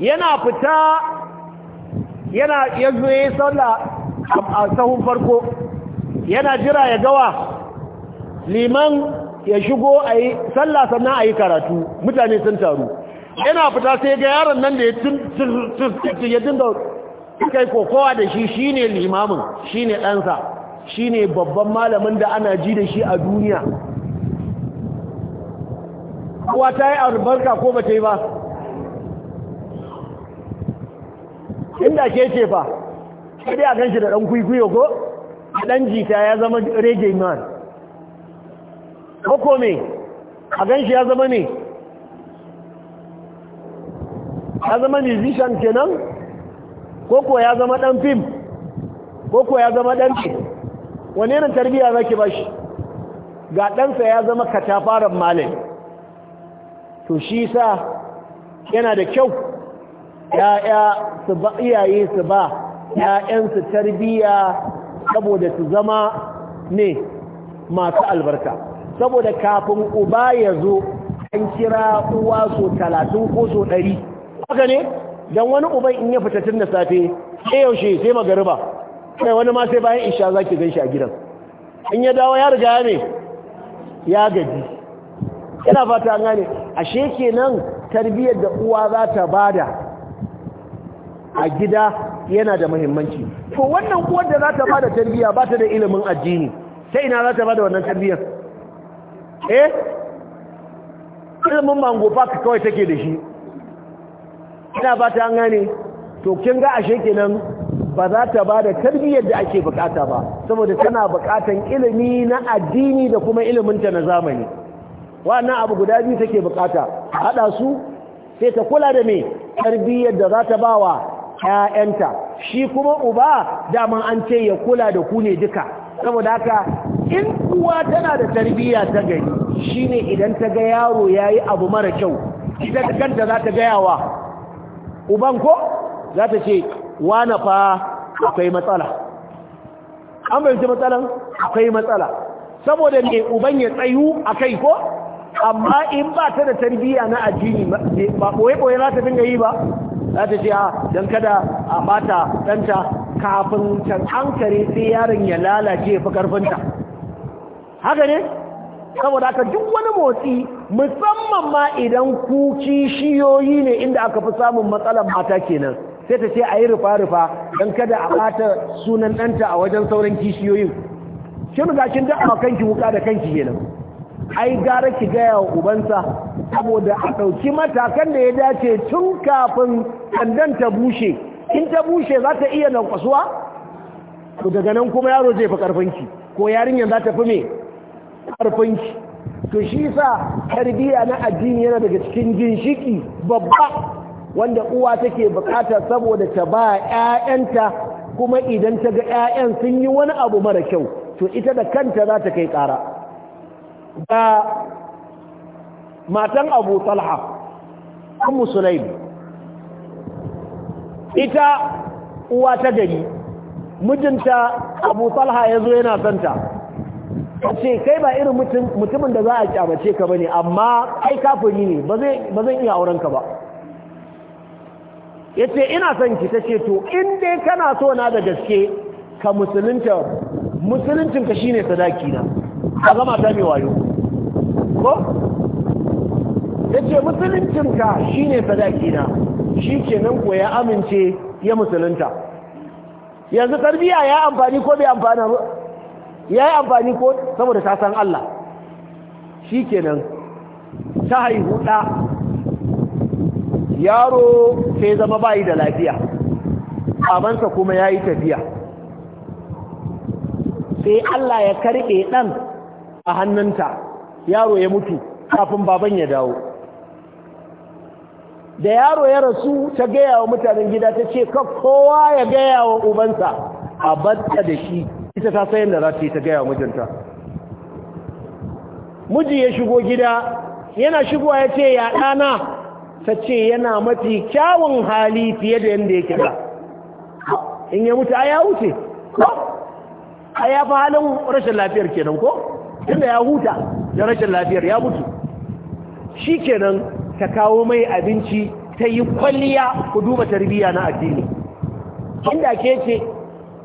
S1: yana fita yana yanzu ya yi a sahun farko yana jira ya gawa liman ya shigo a yi tsalla sannan a karatu mutane sun taru yana fita sai ga yaron nan da ya dinga kai kokowa da shi shine limamin shine ɗansa shine babban malamin da ana ji da shi a duniya kowa ta yi albarka ko ba ta yi ba inda ke ce fa sai a ganshi da ɗan kwikwiyo ko ɗan jita ya zama rege man ko me a ganshi ya zama ne ya zama musician kenan koko ya zama dan fim koko ya zama dan ce wani irin tarbiya zaki bashi ga ɗansa ya zama katafaren malam to shi sa yana da kyau ya'ya su ba iyaye su ba ya'yansu tarbiya saboda su zama ne masu albarka saboda kafin uba ya zo an kira uwa so talatin ko so ɗari haka ne dan wani uban in ya fita tun da safe sai yaushe sai magariba sai wani ma sai bayan isha zaki gan shi a gidan in ya dawo ya riga ya ne ya gaji ina fata an gane ashe kenan tarbiyyar da uwa za ta bada a gida yana da muhimmanci to wannan uwar da za ta bada tarbiyya ba ta da ilimin addini sai ina za ta bada wannan tarbiyyar eh ilimin mango park kawai take da shi ina ba ta gane to kin ga ashe kenan ba za ta ba da tarbiyyar da ake bukata ba saboda tana bukatan ilimi na addini da kuma iliminta na zamani wannan abu guda biyu take bukata hada su sai ta kula da me tarbiyyar da za ta ba wa ƴaƴanta shi kuma uba daman an ce ya kula da ku ne duka saboda haka in uwa tana da tarbiyya ta gari shine idan ta ga yaro yayi abu mara kyau ita kanta za ta gaya wa uban ko za ta ce na fa akwai matsala an bayyance matsalan akwai matsala saboda ne uban ya tsayu a kai ko amma in ba ta da tarbiyya na addini ba ɓoye-ɓoye za ta dinga yi ba za ta ce a ah, don kada a bata ɗanta kafin can an sai yaron ya lalace fi ƙarfinta haka ne saboda ka duk wani motsi musamman ma idan ku kishiyoyi ne inda aka fi samun matsalar mata kenan sai ta ce a yi rufa-rufa don kada a ɓata sunan ɗanta a wajen sauran kishiyoyin shi mu gashin da a kanki wuka da kanki kenan ai gara ki gaya wa ubansa saboda a ɗauki matakan da ya dace tun kafin sandan ta bushe in ta bushe za ta iya nan kwasuwa daga nan kuma yaro zai fi ƙarfinki ko yarinyar za ta fi mai ƙarfinki to shi sa tarbiyya na addini yana daga cikin ginshiki babba wanda uwa take bukata saboda ta ba ƴaƴanta kuma idan ta ga ƴaƴan sun yi wani abu mara kyau to ita da kanta za ta kai ƙara ga matan Abu Talha Ummu Sulaim ita uwa ta gari mijinta Abu Talha yazo yana santa ce kai ba irin mutumin da za a kyamace ka bane amma ai kafuri ne ba zan iya auren ka ba ya ce ina son ki ta ce to in dai kana so na da gaske ka musulunta musuluncinka shi ne sadaki na a gama ta mai wayo ko? ya ce ka shi ne sadaki na shi ke nan ko ya amince ya musulunta yanzu tarbiya ya amfani ko bai amfana ya yi amfani ko saboda ta san Allah shi kenan ta haihu ɗa yaro sai zama bayi da lafiya abansa kuma ya yi tafiya sai Allah ya karɓe ɗan a hannunta yaro ya mutu kafin baban ya dawo da yaro ya rasu ta gaya wa mutanen gida ta ce kowa ya gaya wa ubansa a batta da shi ita ta sayan da za ta yi ta gaya mijinta miji ya shigo gida yana shigowa ya ce ya ɗana ta ce yana mafi kyawun hali fiye da yadda yake da in ya mutu a ya wuce a ya fi halin rashin lafiyar kenan ko tunda ya huta da rashin lafiyar ya mutu shi kenan ta kawo mai abinci ta yi kwalliya ku duba tarbiyya na addini inda ke ce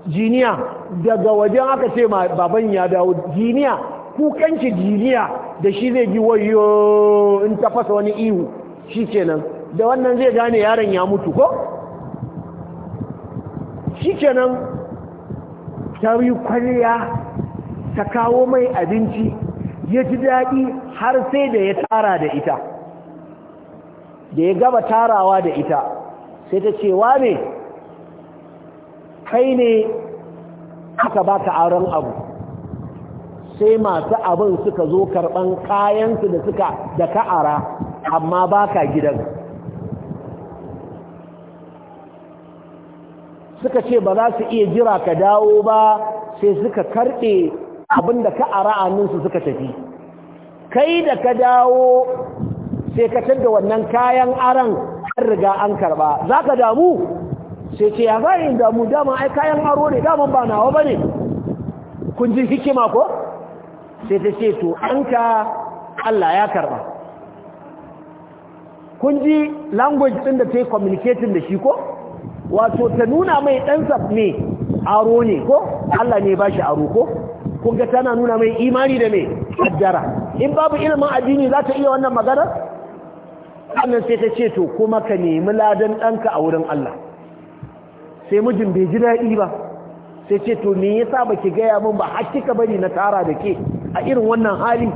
S1: jiniya daga wajen aka ce baban ya dawo jiniya kukanci jiniya da shi zai ji wayo in ta fasa wani ihu shi nan da wannan zai gane yaron ya mutu ko shi kenan ta yi kwalliya ta kawo mai abinci ya ji daɗi har sai da ya tara da ita da ya gaba tarawa da ita sai ta cewa ne. kai ne aka ka auren abu sai masu abin suka zo karban kayansu da suka da ka ara amma ka gidan suka ce ba za su iya jira ka dawo ba sai suka karɓe abin da ka ara suka tafi kai da ka dawo sai ka canza wannan kayan aron an riga an karɓa, za ka damu sai ce ya zai da mu dama ai kayan aro ne daman ba nawa bane kun ji hikima ko sai ta ce to an ka Allah ya karba kun ji language din da ta yi communicating da shi ko wato ta nuna mai ɗansa ne aro ne ko Allah ne ba shi aro ko kun ga tana nuna mai imani da mai kaddara in babu ilimin addini za ta iya wannan magana sannan sai ta ce to kuma ka nemi ladan ɗanka a wurin Allah sai mijin bai ji daɗi ba sai ce to me yasa baki gaya min ba hakika kika bari na tara da ke a irin wannan hali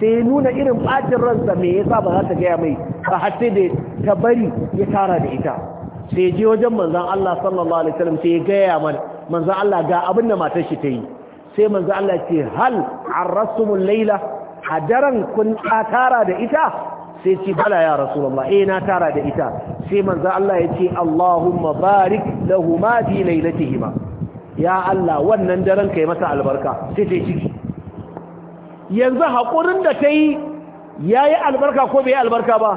S1: sai nuna irin bacin ransa me yasa ba za ta gaya mai ba har sai da ta bari ya tara da ita sai je wajen manzan Allah sallallahu alaihi wasallam sai ya gaya mana manzan Allah ga abin da matar shi ta yi sai manzan Allah ce hal arrasumul laila hadaran kun tara da ita sai ce bala ya rasulullah eh na tara da ita sai manza Allah ya ce Allahumma barik lahuma fi lailatihima ya Allah wannan daren kai mata albarka sai ta ciki yanzu hakurin da ta yi yayi albarka ko bai albarka ba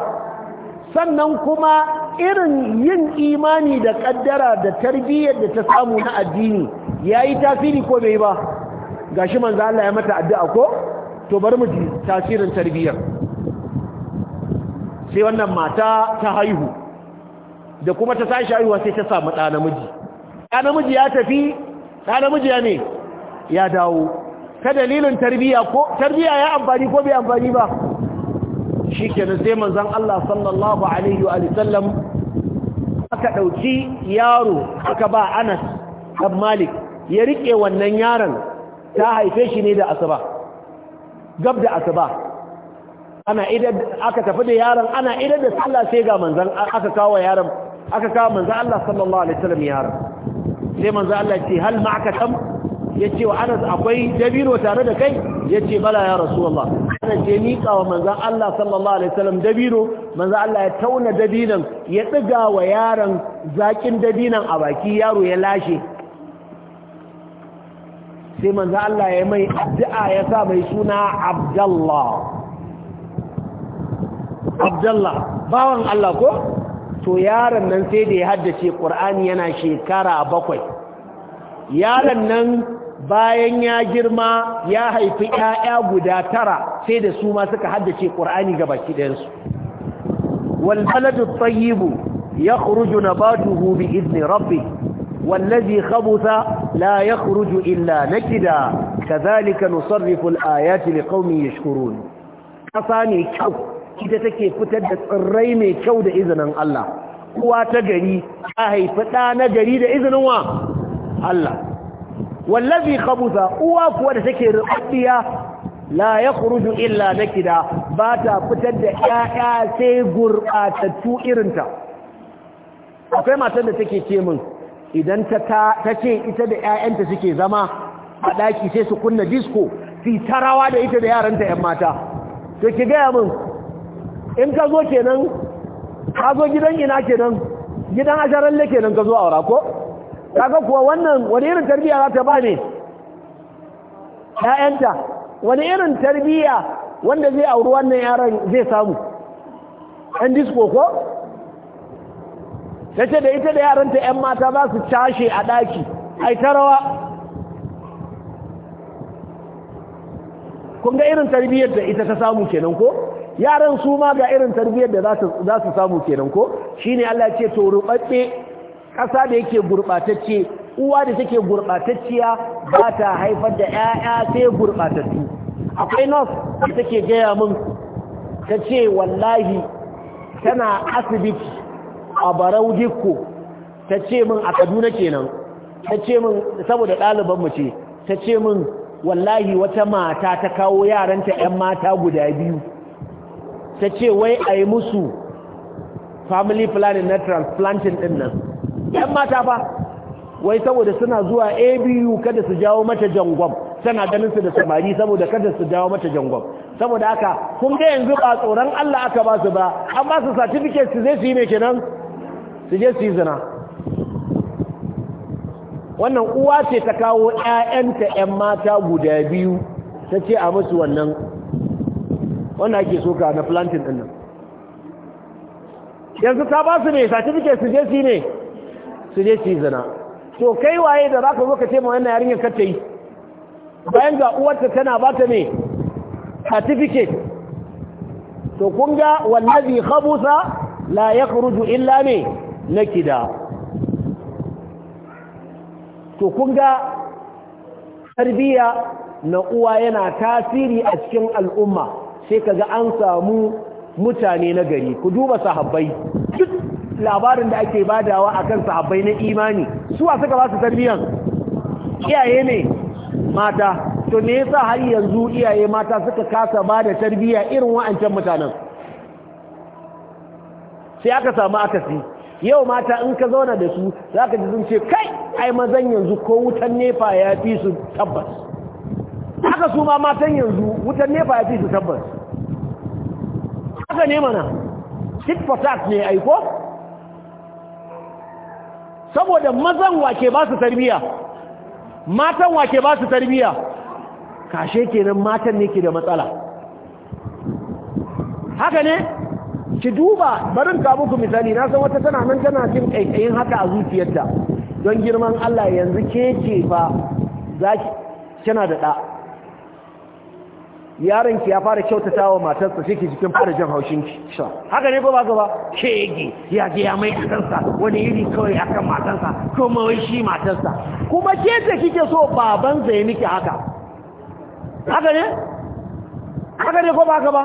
S1: sannan kuma irin yin imani da kaddara da tarbiyyar da ta samu na addini yayi tasiri ko bai ba gashi manza Allah ya mata addu'a ko to bari mu tasirin tarbiyyar sai wannan mata ta haihu da kuma ta tashi haihuwa sai ta samu ɗa namiji ɗa namiji ya tafi ɗa namiji ya ne ya dawo ta dalilin tarbiyya ko tarbiyya ya amfani ko bai amfani ba shikenan sai manzon Allah sallallahu alaihi wa sallam aka dauki yaro aka ba Anas bin Malik ya rike wannan yaron ta haife shi ne da asuba gab da asuba ana idan aka tafi da yaron ana idan da sallah sai ga manzan aka kawo yaron aka kawo manzan Allah sallallahu alaihi wasallam yaron sai manzan Allah ce hal ma'aka tam yace wa Anas akwai dabino tare da kai yace bala ya rasulullah Anas ya mika wa manzan Allah sallallahu alaihi wasallam dabino manzan Allah ya tauna dabinan ya tsiga wa yaron zakin dabinan a baki yaro ya lashe sai manzan Allah ya mai addu'a ya sa mai suna Abdullah abdullah bawan Allah ko to yaron nan sai da ya haddace ƙur'ani yana shekara bakwai yaron nan bayan ya girma ya haifi 'ya'ya guda tara sai da su ma suka haddace ƙur'ani ga baki ɗayansu walbaladu tsayibu ya kuruju na batuhu bi izni rabbi wallazi khabuta la ya kuruju illa na kida ka zalika nusarrifu al'ayati liƙaumi ya shukuru ƙasa ne kyau ita take fitar da tsirrai mai kyau da izinin Allah uwa ta gari ta haifi ɗa na gari da izinin wa Allah wallazi khabuza uwa kuwa da take rubaddiya la yakhruju illa nakida ba ta fitar da 'ya'ya sai gurbatattu irinta akwai matan da take ce min idan ta tace ita da 'ya'yanta suke zama a daki sai su kunna disco fi tarawa da ita da yaranta 'yan mata to ki ga min in ka zo kenan ka zo gidan ina kenan gidan asharalle kenan ka zo aura ko kaga kuwa wannan wani irin tarbiyya za ta ba ne ƴaƴanta wani irin tarbiyya wanda zai auri wannan yaron zai samu ɗan disko ko ta ce da ita da yaranta 'yan mata za su cashe a ɗaki ai ta rawa kun ga irin tarbiyyar da ita ta samu kenan ko yaran su ma ga irin tarbiyyar da za su samu kenan ko Shi ne Allah ce to rubabbe ƙasa da yake gurɓatacce uwa da take gurɓatacciya ba ta haifar da 'ya'ya sai gurɓatattu akwai nos da take gaya min ta ce wallahi tana asibiti a barau dikko ta ce min a kaduna kenan ta ce min saboda ɗaliban mu ce ta ce min wallahi wata mata ta kawo yaranta 'yan mata guda biyu ta ce wai a yi musu family planning na transplanting din nan yan mata fa wai saboda suna zuwa abu kada su jawo mata jangon tana ganin su da samari saboda kada su jawo mata jangon saboda haka kun ga yanzu ba tsoron Allah aka ba su ba an ba su certificate su zai su yi mai kenan su je su yi zina wannan uwa ce ta kawo ƴaƴanta ƴan mata guda biyu ta ce a musu wannan wanda ake soka na planting ɗin nan yanzu ta ba su ne certificate su je su ne su je su zina to kai waye da zaka zo ka ce ma wannan yarinyar ka yi bayan ga uwarta tana ba ta ne certificate to kun ga wallazi khabusa la yakhruju illa ne nakida to kun ga tarbiya na uwa yana tasiri a cikin al'umma sai ga an samu mutane na gari ku duba sahabbai duk labarin da ake badawa akan sahabbai na imani su a suka ba su tarbiyyar iyaye ne mata to ne yasa har yanzu iyaye mata suka kasa ba da tarbiyya irin wa'ancan mutanen sai aka samu akasi yau mata in ka zauna da su za ka ji ce kai ai mazan yanzu ko wutan nefa ya fi su tabbas haka su ma matan yanzu wutan nefa ya fi su tabbas haka ne mana tit for tat ne aiko saboda mazan wake ba su tarbiya matan wake ba su tarbiya kashe kenan matan ne ke da matsala haka ne ki duba barin ka muku misali na san wata tana nan tana jin kaikayin haka a zuciyarta don girman Allah yanzu ke ce fa zaki kina da da yaron ki ya fara kyautata wa matarsa shi ki cikin fara jan haushin ki haka ne ko ba ba shege ya je ya mai kansa wani iri kawai akan matarsa ko mawai shi matarsa kuma ke da kike so baban ya miki haka haka ne haka ne ko ba ka ba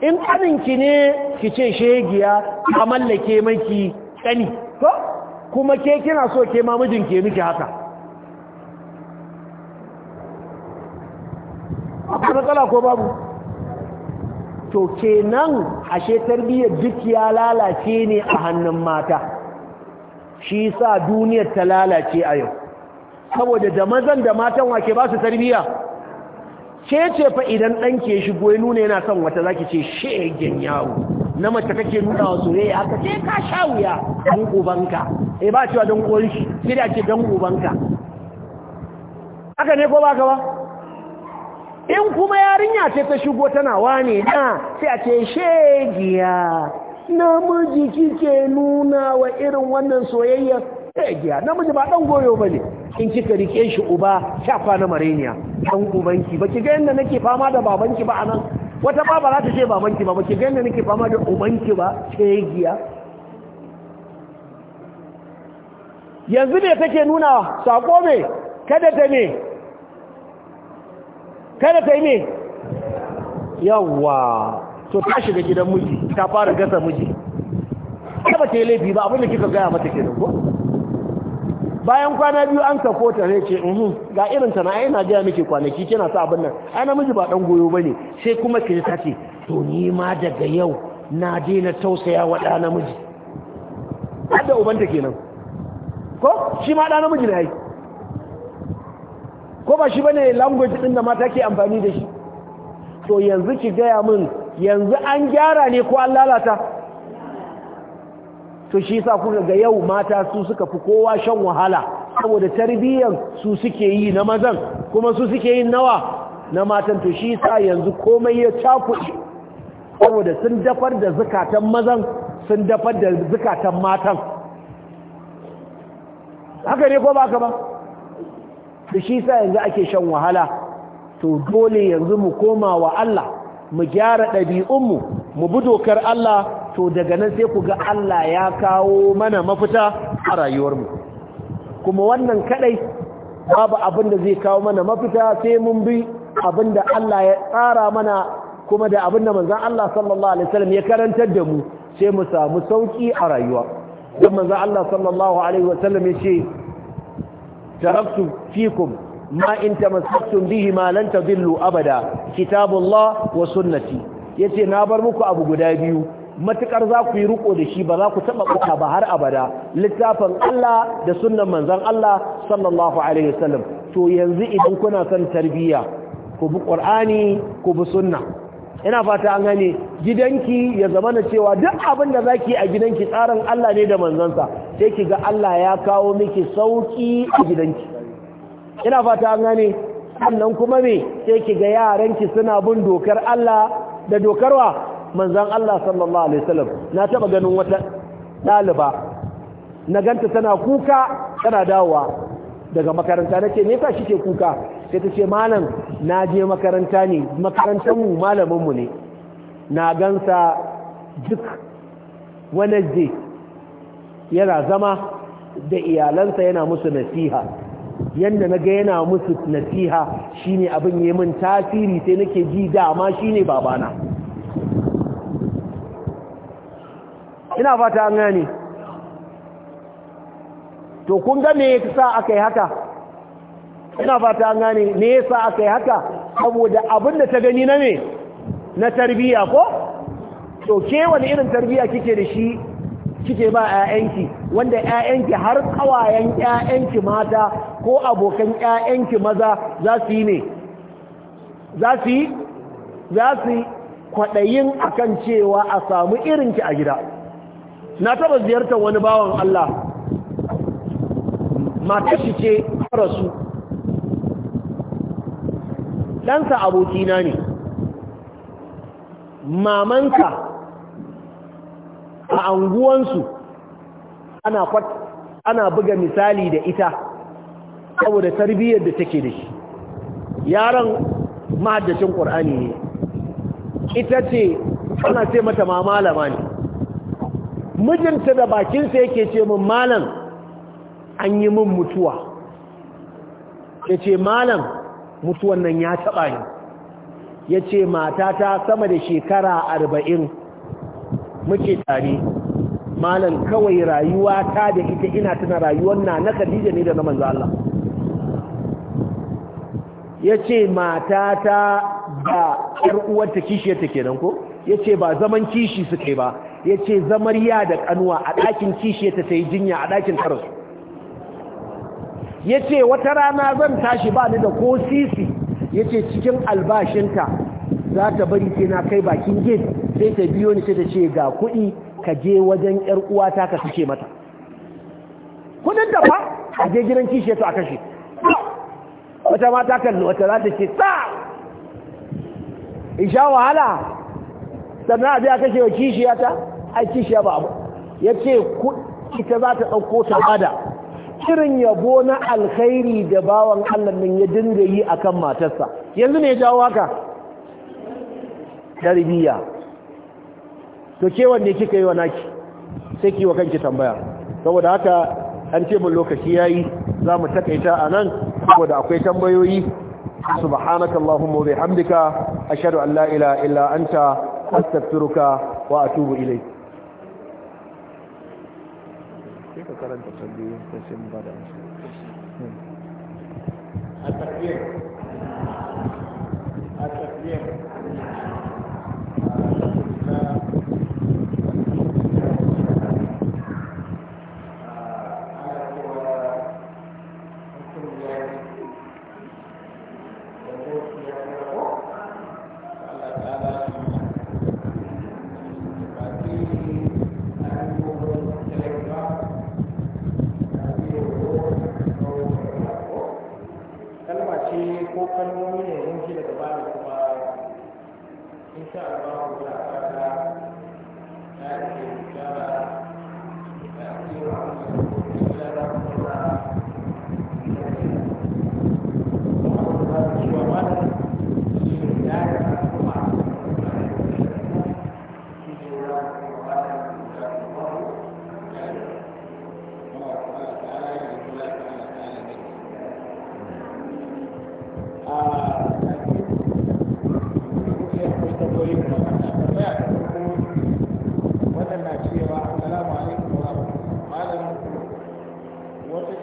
S1: in kanin ki ne ki ce shegiya a mallake maki kani ko kuma ke kina so ke ma ke miki haka akwai matsala ko babu to kenan ashe tarbiyyar duk ya lalace ne a hannun mata shi sa duniyar ta lalace a yau saboda da mazan da matan wake ba su tarbiyya ce ce fa idan ɗan ke shigo ya nuna yana son wata zaki ce shegen yawo na mace kake nuna wa soyayya aka ce ka sha wuya dan ubanka E, ba cewa dan uwan shi sai da ce dan ubanka haka ne ko ba ka ba in kuma yarinya ce ta shigo tana wane na sai a ce shegiya namiji kike nuna wa irin wannan soyayya shegiya namiji ba dan goyo bane in kika rike shi uba shafa na mareniya dan ubanki ki ga yanda nake fama da babanki ba anan wata ba ba za ta ce babanki ba Ba ki ga yanda nake fama da ubanki ba shegiya yanzu ne take nuna sako me kada ta ne kada ta yi ne yawwa to ta shiga gidan miji ta fara gasa miji ba ta yi laifi ba abinda kika gaya mata ke ko bayan kwana biyu an sako ta ne ce uhu ga irin ta na ai na gaya miki kwanaki kina sa abin nan ai namiji ba dan goyo bane sai kuma ki ta ce to ni ma daga yau na daina tausaya wa da namiji hadda ubanta kenan ko shi ma da namiji ne ai ko ba shi bane language din da mata ke amfani da shi to yanzu ki gaya min yanzu an gyara ne ko an lalata to shi yasa kuka ga yau mata su suka fi kowa shan wahala saboda tarbiyyar su suke yi na mazan kuma su suke yin nawa na matan to shi yasa yanzu komai ya taku saboda sun dafar da zakatan mazan sun dafar da zikatan matan haka ne ko ba ka ba da shi sa yanzu ake shan wahala to dole yanzu mu koma wa Allah mu gyara ɗabi'unmu mu bi dokar Allah to daga nan sai ku ga Allah ya kawo mana mafita a rayuwarmu kuma wannan kadai babu abin da zai kawo mana mafita sai mun bi abin da Allah ya tsara mana kuma da abin da manzon Allah sallallahu alaihi wasallam ya karantar da mu sai mu samu sauki a rayuwa dan manzon Allah sallallahu alaihi wasallam ya ce taraktu fikum ma in tamassaktum bihi ma lan tadillu abada kitabullah wa sunnati yace na bar muku abu guda biyu matukar za ku yi riko da shi ba za ku taba kuka ba har abada littafin Allah da sunnan manzon Allah sallallahu alaihi wasallam to yanzu idan kuna son tarbiyya ku bi qur'ani ku bi sunna ina fata an gane gidanki ya zamana cewa duk abin da zaki a gidanki tsarin Allah ne da manzansa sai ki ga Allah ya kawo miki sauki a gidanki ina fata an gane sannan kuma me sai ki ga yaranki suna bin dokar Allah da dokarwa manzan Allah sallallahu alaihi wasallam na taba ganin wata daliba na ganta tana kuka tana dawowa daga makaranta nake me yasa shike kuka sai ta ce malam na je makaranta ne malamin malaminmu ne na gansa duk wednesday yana zama da iyalansa yana musu nasiha yadda na ga yana musu nasiha shine abin yi min tasiri sai nake ji dama shine babana ina fata an gane to kun ga me yasa aka yi haka ina fata an gane me yasa aka yi haka saboda abin da ta gani na me na tarbiya ko to ke wani irin tarbiya kike da shi kike ba ƴaƴanki wanda ƴaƴanki har kawayen ƴaƴanki mata ko abokan ƴaƴanki maza za su yi ne za su za su kwaɗayin akan cewa a samu irin ki a gida na taɓa ziyartar wani bawan Allah matar shi ce rasu ɗansa abokina ne mamanka a anguwansu ana buga misali da ita saboda tarbiyyar da take da shi yaron mahaddacin ƙur'ani ne ita ce ana ce mata ma ne mijinta da bakinsa yake ce min malam an yi min mutuwa ya ce malam mutuwan nan ya taɓa ni ya ce matata sama da shekara arba'in muke tare malam kawai rayuwa ta da ita ina tana rayuwar na na Khadija ne da na manzo Allah ya ce matata ba ƴar uwarta kishiyarta kenan ko ya ce ba zaman kishi suke ba ya ce da kanuwa a ɗakin kishiyarta ta yi jinya a ɗakin tarasu ya ce wata rana zan tashi ba ni da ko sisi ya ce cikin albashinta za ta bari sai na kai bakin gate sai ta biyo ni sai ta ce ga kuɗi ka je wajen ‘yar uwata ka suke mata kudin da ba a je gidan kishe to a kashe wata mata kalli wata za ta ce sa in sha wahala sannan a biya kashe wa kishiyata ai kishiya ba abu ya ce ita za ta ɗauko ta bada irin yabo na alkhairi da bawan Allah ya dinga yi akan matarsa yanzu ne ya jawo haka tarbiya to ke wanne kika yi wa naki sai ki wa kanki tambaya saboda haka an ce mun lokaci yayi za mu takaita anan saboda akwai tambayoyi subhanaka allahumma wa bihamdika ashhadu an la ilaha illa anta astaghfiruka wa atubu ilayk
S2: karanta tambayoyi ko sai mun bada hmm. a a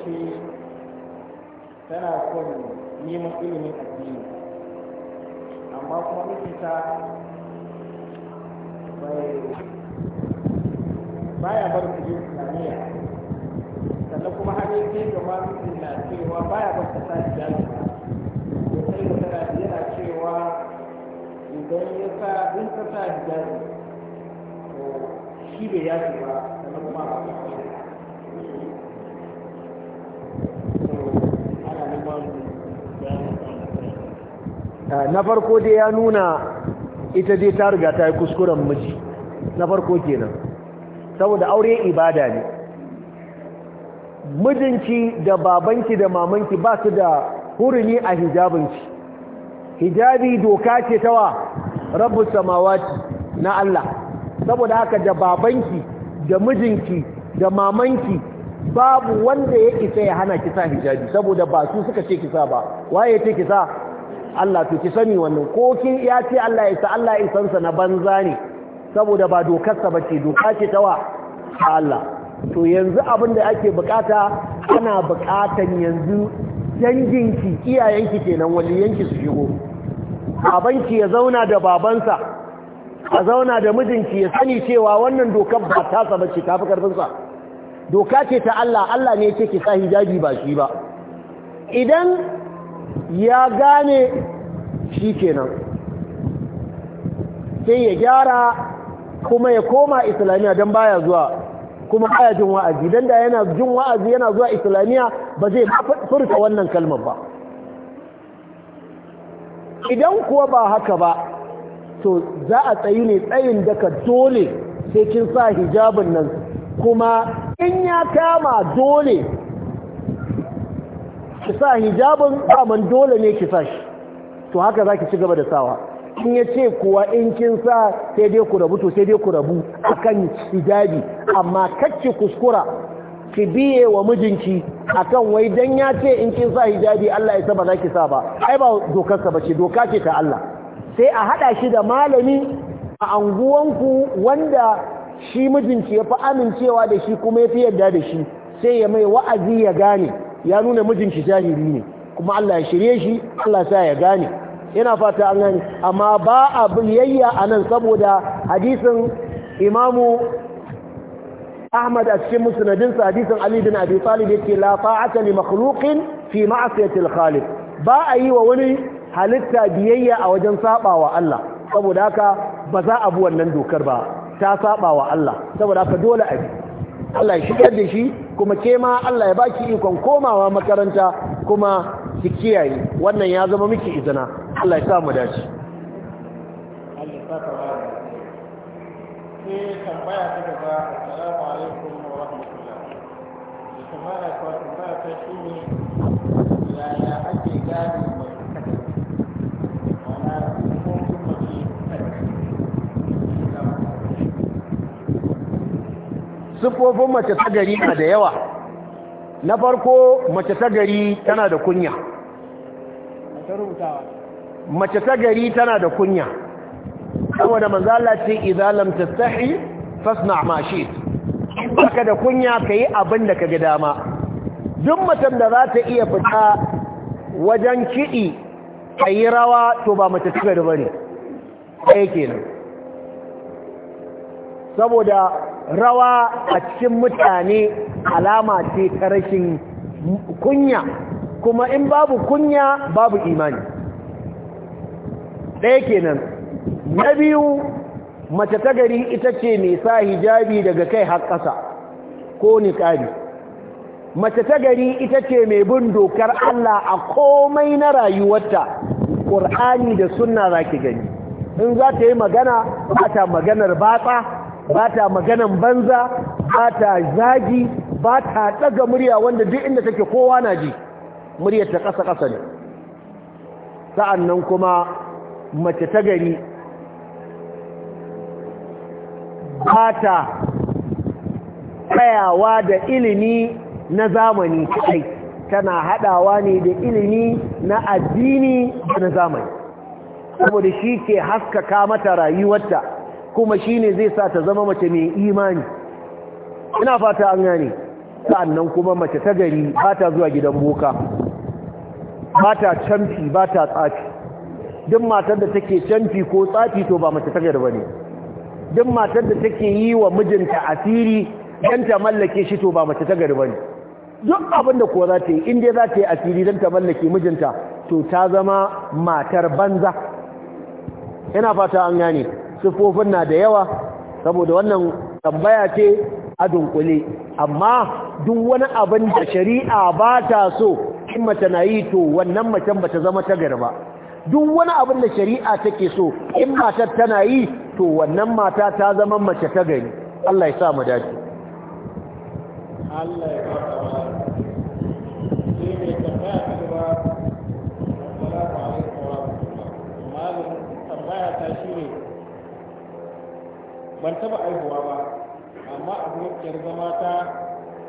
S2: ce tana son neman ilimin addini amma kuma mijinta baya bar su islamiyya sannan kuma har yi ke gaba su na cewa baya bar su sashi jami'a sai da tana yana cewa idan ya sa in ta sa jari to shi bai yaki ba sannan kuma ba ta
S1: Ah, na farko dai ya nuna ita dai ta riga ta yi kuskuren miji na farko kenan saboda aure ibada ne mijinki da babanki da mamanki ba su da hurumi a hijabinki hijabi doka ce tawa rabu samawati na Allah saboda haka da babanki da mijinki da mamanki babu wanda ya isa ya hana kisa hijabi saboda ba su suka ce kisa ba waye ya ce kisa Allah to ki sani wannan ko kin ya ce Allah ya isa Allah ya sansa na banza ne saboda ba dokarsa ba bace doka ce ta wa Allah to yanzu abin da ake bukata ana bukatan yanzu iyayen iyayenki kenan yanki su shigo baban ki ya zauna da babansa a zauna da mijinki ya sani cewa wannan dokar ba ta bace tafi sa. doka ce ta Allah Allah ne yake ki sa hijabi ba shi ba idan ya gane shi kenan sai ya gyara kuma ya koma islamiya don baya zuwa kuma aya jin wa'azi don da yana jin wa'azi yana zuwa islamiyya ba zai furta wannan kalmar ba idan kuwa ba haka ba to za a tsayi ne tsayin daga dole sai kin sa hijabin nan kuma in ya kama dole ki sa hijabin dole ne ki sa shi to haka za ki ci gaba da sawa in ya ce kuwa in kin sa sai dai ku rabu to sai dai ku rabu akan hijabi amma ki kuskura ki biye wa mijinki akan wai dan ya ce in kin sa hijabi Allah ya saba zaki ki sa ba ai ba dokarsa ba ce doka ce ta Allah sai a hada shi da malami a anguwanku wanda shi mijinci ya fi amincewa da shi kuma ya fi yadda da shi sai ya mai wa'azi ya gane ya nuna mijinci jahiri ne kuma Allah ya shirye shi Allah sa ya gane yana fata an gani. amma ba a biyayya a nan saboda hadisin imamu Ahmad a cikin musnadinsa hadisin Ali bin Abi Talib yake la fa'ata li makhluqin fi ma'siyati al-khaliq ba a yi wa wani halitta biyayya a wajen sabawa Allah saboda haka ba za a bi wannan dokar ba ta saba wa Allah saboda haka dole a bi Allah ya shigar da shi kuma ke ma Allah ya baki ikon komawa makaranta kuma ki kiyaye wannan ya zama miki izina Allah ya sa mu dace
S2: Allah ya sa ka ba sai tambaya ta
S1: siffofin mace ta gari na da yawa na farko mace ta gari tana da kunya mace ta gari tana da kunya saboda manzala ce idalam tsahi fasna ma shi baka da kunya ka yi abin da ka ga dama duk mace da za ta iya fita wajen kiɗi yi rawa to ba mace ta gari ba ne kenan saboda rawa a cikin mutane alama ce ta rashin kunya kuma in babu kunya babu imani ɗaya kenan na biyu mace ta gari ita ce mai sa hijabi daga kai har ƙasa ko niƙari mace ta gari ita ce mai bin dokar Allah a komai na rayuwarta ƙur'ani da sunna za ki gani in za ta yi magana ba ta maganar batsa ba ta maganan banza ba ta zagi ba ta daga murya wanda duk inda take kowa na ji muryar ta kasa kasa ne sa'annan kuma mace ta gari ba ta tsayawa da ilimi na zamani kai tana hadawa ne da ilimi na addini da na zamani saboda shi ke haskaka mata rayuwarta kuma shine zai sa ta zama mace mai imani ina fata an gane Sannan kuma mace ta gari ba ta zuwa gidan boka ba ta canfi ba ta tsafi duk matar da take canfi ko tsafi to ba mace ta gari bane duk matar da take yi wa mijinta asiri dan ta mallake shi to ba mace ta gari bane duk abinda ko za ta yi in dai za ta yi asiri dan ta mallake mijinta to ta zama matar banza ina fata an gane sufofin na da yawa saboda wannan tambaya ce a dunkule amma duk wani abin da shari'a ba ta so in mace na yi to wannan macen ba ta zama ta garba duk wani abin da shari'a take so in matar tana yi to wannan mata ta zama mace ta gari Allah ya sa mu dace
S2: Allah ya ban taba aihuwa ba amma abokiyar zama ta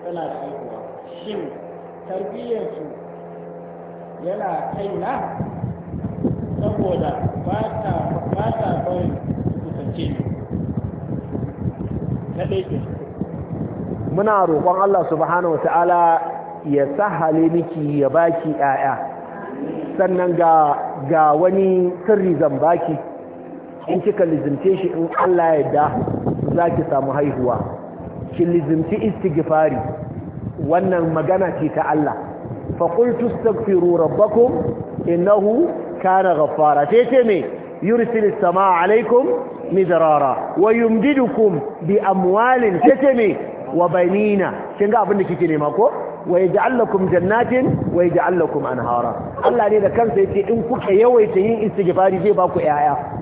S2: tana da aihuwa shin tarbiyyarsu yana kaina saboda ba ta bai kusance na ɗaya
S1: muna roƙon Allah subhanahu wa ya sahale miki ya baki 'ya'ya sannan ga wani sirri zan baki in kika lizimce shi in Allah ya da za ki samu haihuwa ki lizimci istighfari wannan magana ce ta Allah fa qultu astaghfiru rabbakum innahu kana ghaffara sai ce me yursilis samaa alaikum midrara wa yumdidukum bi amwalin sai ce me wa banina kin ga abin da kike nema ko wa yaj'al lakum jannatin wa yaj'al lakum anhara Allah ne da kansa yace in kuka yawaita yin istighfari zai ba ku yaya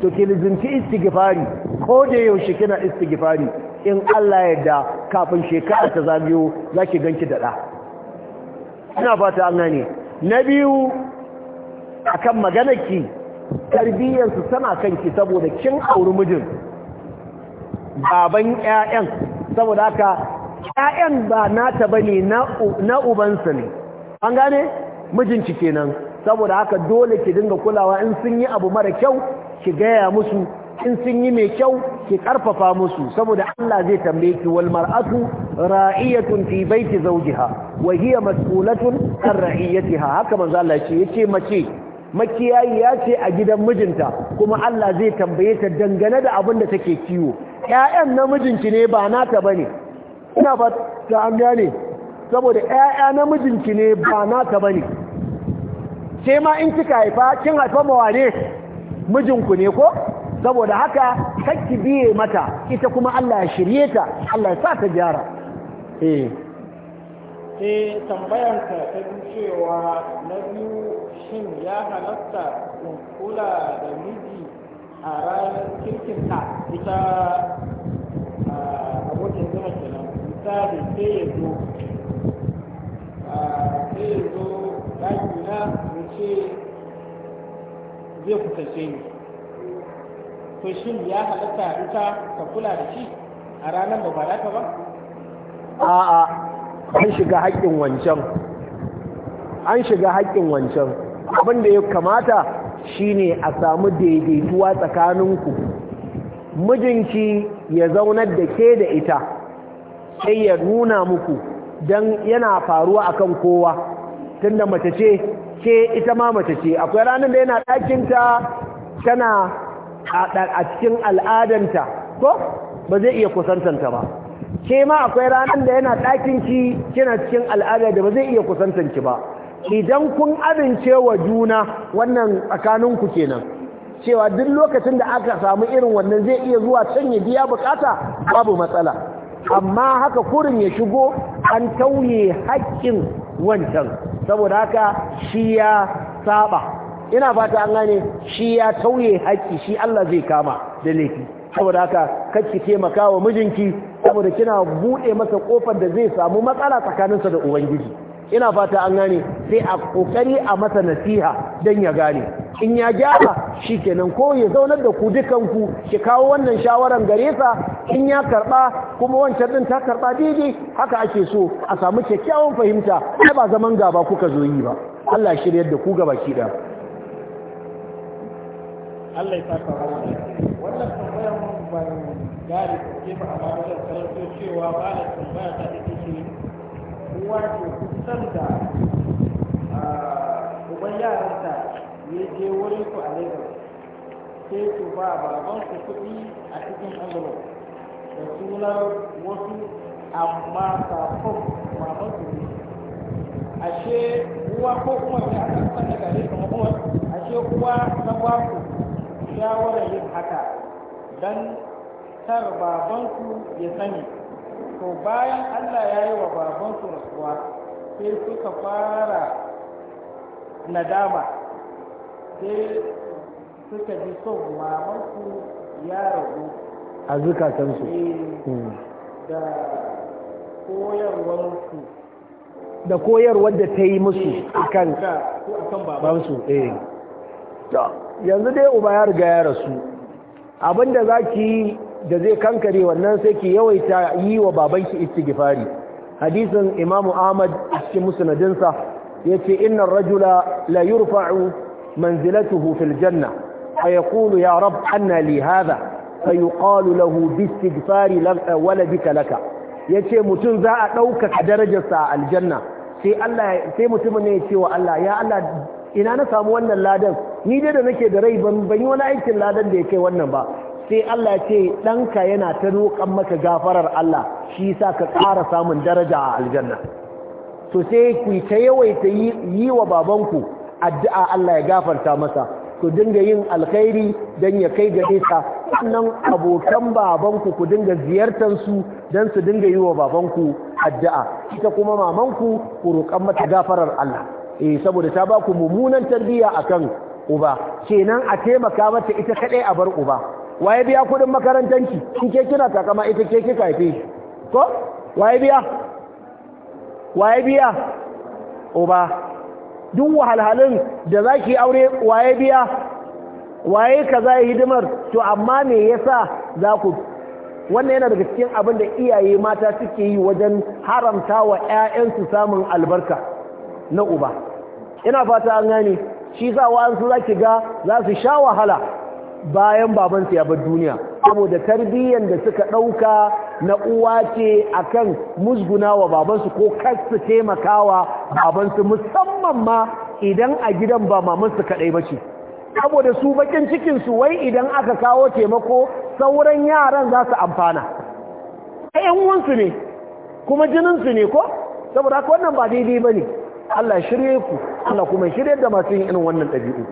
S1: to ki lizinci istighfari ko da yaushe kina istighfari in Allah ya da kafin shekara ta za zaki ganki da ina fata an gane na biyu akan maganar ki tarbiyyar su tana kanki saboda kin auri mijin baban ƴaƴan saboda haka ƴaƴan ba nata ba ne, na ubansa ne an gane mijinki kenan saboda haka dole ki dinga kulawa in sun yi abu mara kyau ki gaya musu in sun yi mai kyau ki karfafa musu saboda Allah zai tambaye ki wal mar'atu ra'iyatun fi baiti zawjiha wa hiya mas'ulatun an ra'iyatiha haka manzo Allah ce yace mace makiyayi ya ce a gidan mijinta kuma Allah zai tambaye ta dangane da abin da take kiwo ƴaƴan namijinki ne ba nata bane ina ba ta an gane saboda ƴaƴa namijinki ne ba nata bane sai ma in kika haifa kin haifa mawane mijinku ne ko saboda haka kakki biye mata ita kuma Allah ya shirye ta Allah ya sa ta gyara eh
S2: eh tambayan ka ta cewa na biyu shin ya halatta kula da miji a ranar kirkin ta ita abokin zama kenan misali sai ya zo sai ya zo ɗaki na mu ce zai kusance ni to shin ya halatta ita ka kula da shi a ranar da ba ta ba a'a an
S1: shiga haƙƙin wancan an shiga haƙƙin wancan abin da ya kamata shine a samu daidaituwa tsakaninku mijinki ya zaunar da ke da ita sai ya nuna muku don yana faruwa akan kowa tunda mace ce ke ita ma mace ce akwai ranar da yana ɗakinta tana a cikin al'adanta ko ba zai iya kusantanta ba ke ma akwai ranar da yana ki kina cikin al'ada da ba zai iya kusantanki ba idan kun amince wa juna wannan tsakaninku kenan cewa duk lokacin da aka samu irin wannan zai iya zuwa can ya biya bukata babu matsala amma haka kurin ya shigo an tauye haƙƙin wancan saboda haka shi ya saba ina fata an gane shi ya tauye haƙƙi shi Allah zai kama da laifi saboda haka kacki taimaka wa mijinki saboda kina buɗe masa ƙofar da zai samu matsala tsakaninsa da ubangiji ina fata an gane sai a ƙoƙari a masa nasiha dan ya gane in ya gyara shi kenan ko ya zaunar da ku dukanku ki kawo wannan shawaran gare sa in ya karba kuma wancan din ta karba daidai haka ake so a samu kyakkyawan fahimta ai ba zaman gaba kuka zo yi ba Allah ya shirye da ku gaba ki da
S2: Allah ya saka wannan tambayar ba gari ke ba amma da karanto cewa ba da tambaya ta ita ce uwa ke kusan da kuma ah, yaranta je wurin ku a lagos sai ku ba baban ku kuɗi a cikin angolo da sunan wasu amma sakon baban ku ne ashe uwa ko kuma ne a kan sanda gare kamar kuma ashe uwa ta ba ku shawarar yin haka don tar baban ku ya sani to bayan Allah ya yi wa babansu rasuwa sai suka fara nadama sai suka eh, hmm. da koyarwarsu da ta yi musu kan babansu eh
S1: yanzu dai uba ya riga ya rasu abinda za ki yi da zai kankare wannan sai ki yawaita yi wa babanki istighfari hadisin imamu ahmad a cikin musnadinsa yace innar rajula la yurfa'u منزلته في الجنة فيقول يا رب أن لي هذا فيقال له باستغفار ولدك لك yace mutum za a ɗaukaka darajarsa a aljanna sai mutumin ne ya ce wa Allah ya Allah ina na samu wannan ladan ni dai da nake da rai ban yi wani aikin ladan da ya kai wannan ba sai Allah ya ce ɗanka yana ta roƙan maka gafarar Allah shi yasa ka ƙara samun daraja a aljanna to sai ku ta yawaita yi wa babanku addu'a Allah ya gafarta masa ku dinga yin alkhairi don ya kai ga ta sannan abokan babanku ku dinga ziyartar su don su dinga yi wa babanku addu'a ita kuma mamanku ku roƙan mata gafarar Allah eh saboda ta ba ku mummunan tarbiyya akan uba kenan a taimaka mata ita kadai a bar uba waye biya kuɗin makarantanki in ke kina kama ita ke kika haife ko waye biya waye biya uba duk wahalhalun da za ki aure waye biya waye ka za hidimar to amma me yasa za ku wannan yana daga cikin abin da iyaye mata suke yi wajen haramta wa 'ya'yansu samun albarka na uba ina fata an gane shi wa'ansu za ki ga za su sha wahala bayan babansa ya bar duniya saboda tarbiyyar da suka ɗauka na uwa ce akan musguna wa babansu ko kasu taimakawa babansu musamman ma idan a gidan ba mamansu kadai ba ce saboda su bakin cikinsu wai idan aka kawo taimako sauran yaran za su amfana ɗayan wansu ne kuma jininsu ne ko saboda wannan ba daidai ba Allah shirye ku Allah kuma shirye da masu yin irin wannan dabi'u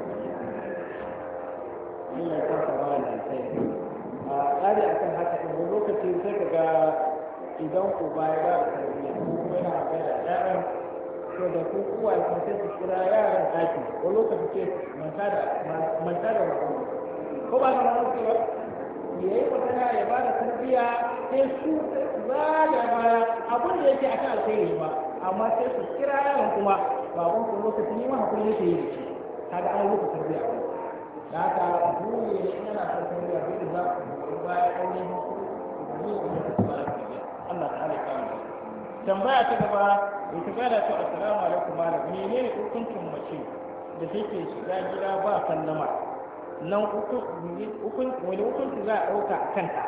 S2: wani lokaci ce manta da manta ko ba kamar wani cewa ya yi magana ya ba da tarbiyya sai su za da baya abin da yake akan alkhairi ba amma sai su kira yaron kuma baban ku lokaci ne ma hakuri yake yi da shi. kaga an rubuta tarbiyya da haka dole ne ina son tarbiyya dole za ku baya da su aure Allah ta halatta mu tambaya ta gaba ita gada to assalamu alaikum malam menene hukuncin mace da take shiga gida ba sallama nan wani hukunci za a ɗauka a kanta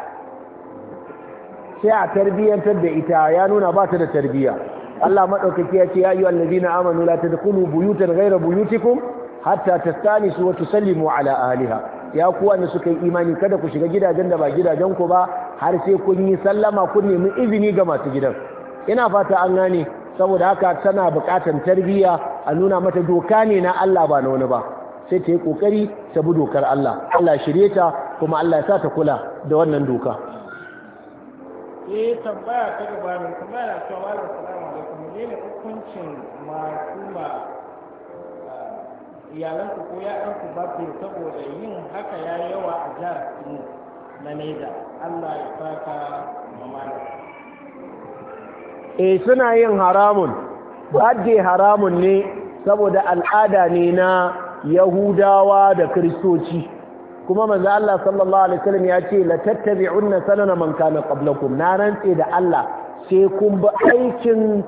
S1: sai a tarbiyyantar da ita ya nuna ba ta da tarbiyya Allah maɗaukaki ya ce ya yi wa na amanu la ta dukulu buyutan gaira buyutikum hatta ta stani su wata sallimu ala Aliha. ya kuwa ne suka yi imani kada ku shiga gidajen da ba gidajen ku ba har sai kun yi sallama kun nemi izini ga masu gidan ina fata an gane saboda haka tana buƙatar tarbiyya a nuna mata doka ne na Allah ba na wani ba sai ta yi ƙoƙari ta bi dokar Allah Allah shirye ta kuma Allah ya sa ta kula da wannan doka
S2: eh tambaya ta gaba ne tambaya ta hukuncin masuma eh, iyalan ku ko saboda yin haka yayi yawa a jihar na Niger Allah ya saka mamana
S1: eh suna yin haramun birthday haramun ne saboda al'ada ne na yahudawa da kristoci kuma manzo Allah sallallahu alaihi wasallam ya ce la tattabi'unna sanana man kana qablakum na rantse da Allah sai kun bi aikin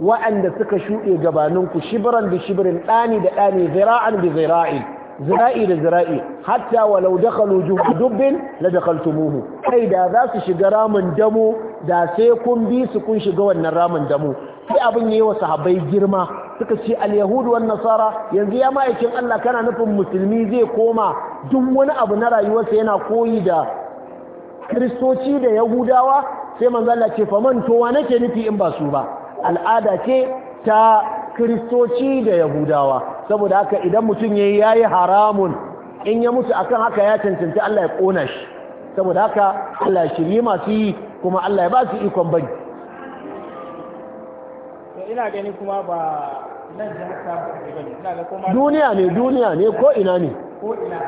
S1: wa'anda suka shuɗe gabaninku shibran bi shibrin dani da dani zira'an bi zira'in zira'i da zira'i hatta walau dakhalu juhudubbin la dakhaltumuhu kai da za su shiga ramin damo da sai kun bi su kun shiga wannan ramin damo sai abin yayi wa sahabbai girma suka ce al-yahudu wan nasara yanzu ya ma'aikin Allah kana nufin musulmi zai koma duk wani abu na rayuwarsa yana koyi da kristoci da yahudawa sai manzo Allah ce faman to wa nake nufi in ba su ba al'ada ce ta kristoci da yahudawa saboda haka idan mutum yayi yayi haramun in ya mutu akan haka ya cancanci Allah ya ƙona shi saboda haka Allah ya shirye masu yi kuma Allah ya ba su ikon bani.
S2: ina gani kuma ba nan kuma duniya ne duniya ne ko ina ne ko ina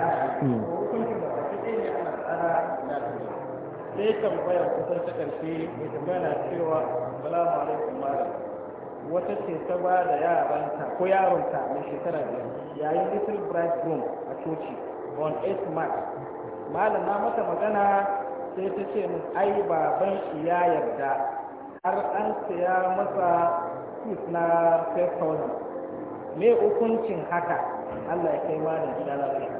S2: wata ce ta ba da yaranta ko yaronta mai shekara biyar yayin little bright bridegroom a coci on 8 march na mata magana sai ta ce min ai baban shi ya yarda har an siya masa kit na 5000 me hukuncin haka Allah ya kai malam gida lafiya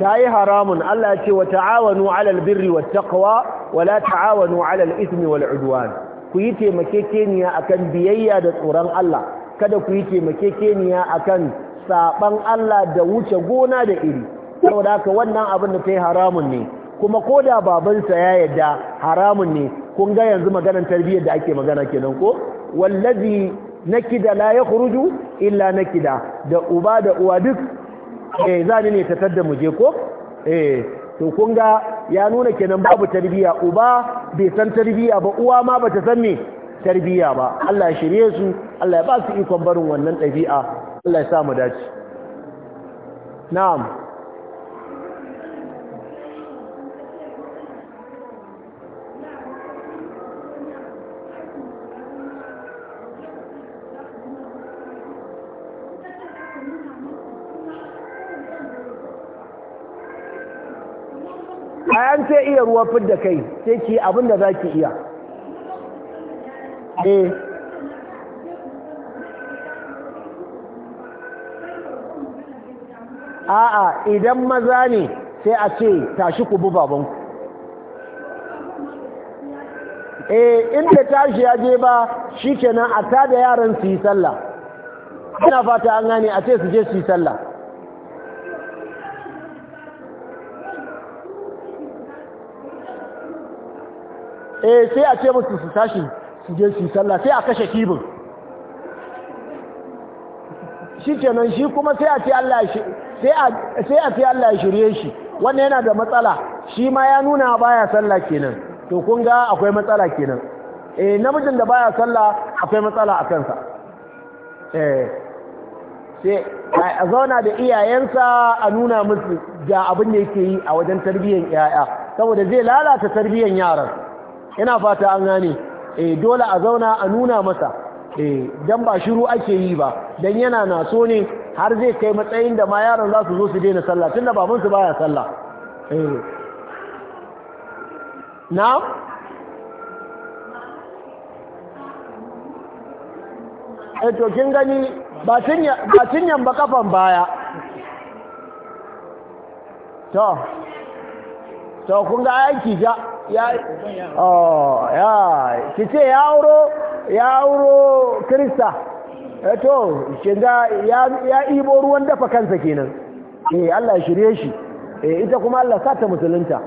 S1: ta yi haramun Allah ce wa ta'awanu alal birri wa taqwa wa la ta'awanu alal ismi wal udwan ku yi taimakekeniya akan biyayya da tsoron Allah kada ku yi taimakekeniya akan saɓan Allah da wuce gona da iri saboda aka wannan abin da ta yi haramun ne kuma ko da babansa ya yadda haramun ne kun ga yanzu maganar tarbiyyar da ake magana kenan ko wallazi nakida la kuruju illa nakida da uba da uwa duk eh ni ne ta tatar mu je ko eh to kunga ga ya nuna kenan babu tarbiya uba bai san tarbiya ba uwa ma bata san me tarbiya ba Allah ya shirye su Allah ya ba su ikon barin wannan ɗabi'a Allah ya sa mu dace na'am bayan sai iya ruwa fidda kai sai ki abin da za ki iya eh a'a idan maza ne sai a ce tashi ku bi babanku eh inda tashi ya je ba shikenan a da yaran su yi sallah ina fata an gane a ce su je su yi sallah eh sai a ce musu su tashi su je su sallah sai a kashe kibin shi kenan shi kuma sai a ce Allah sai a ce Allah ya shirye shi wannan yana da matsala shi ma ya nuna baya sallah kenan to kun ga akwai matsala kenan eh namijin da baya sallah akwai matsala a kansa eh sai a zauna da iyayensa a nuna musu ga abin da yake yi a wajen tarbiyyar yaya saboda zai lalata tarbiyyar yaran ina fata an gane eh dole a zauna a nuna masa eh dan ba shiru ake yi ba dan yana na so ne har zai kai matsayin da ma yaron za su zo su daina sallah tunda baban su baya sallah eh na eh to kin gani ba tinya ba tinyan ba kafan baya to to kun ga aiki ja ya oh, ki ce ya auro eh, shiga ya ibo ruwan dafa kansa kenan eh Allah shirye shi eh ita kuma Allah sa ta musulunta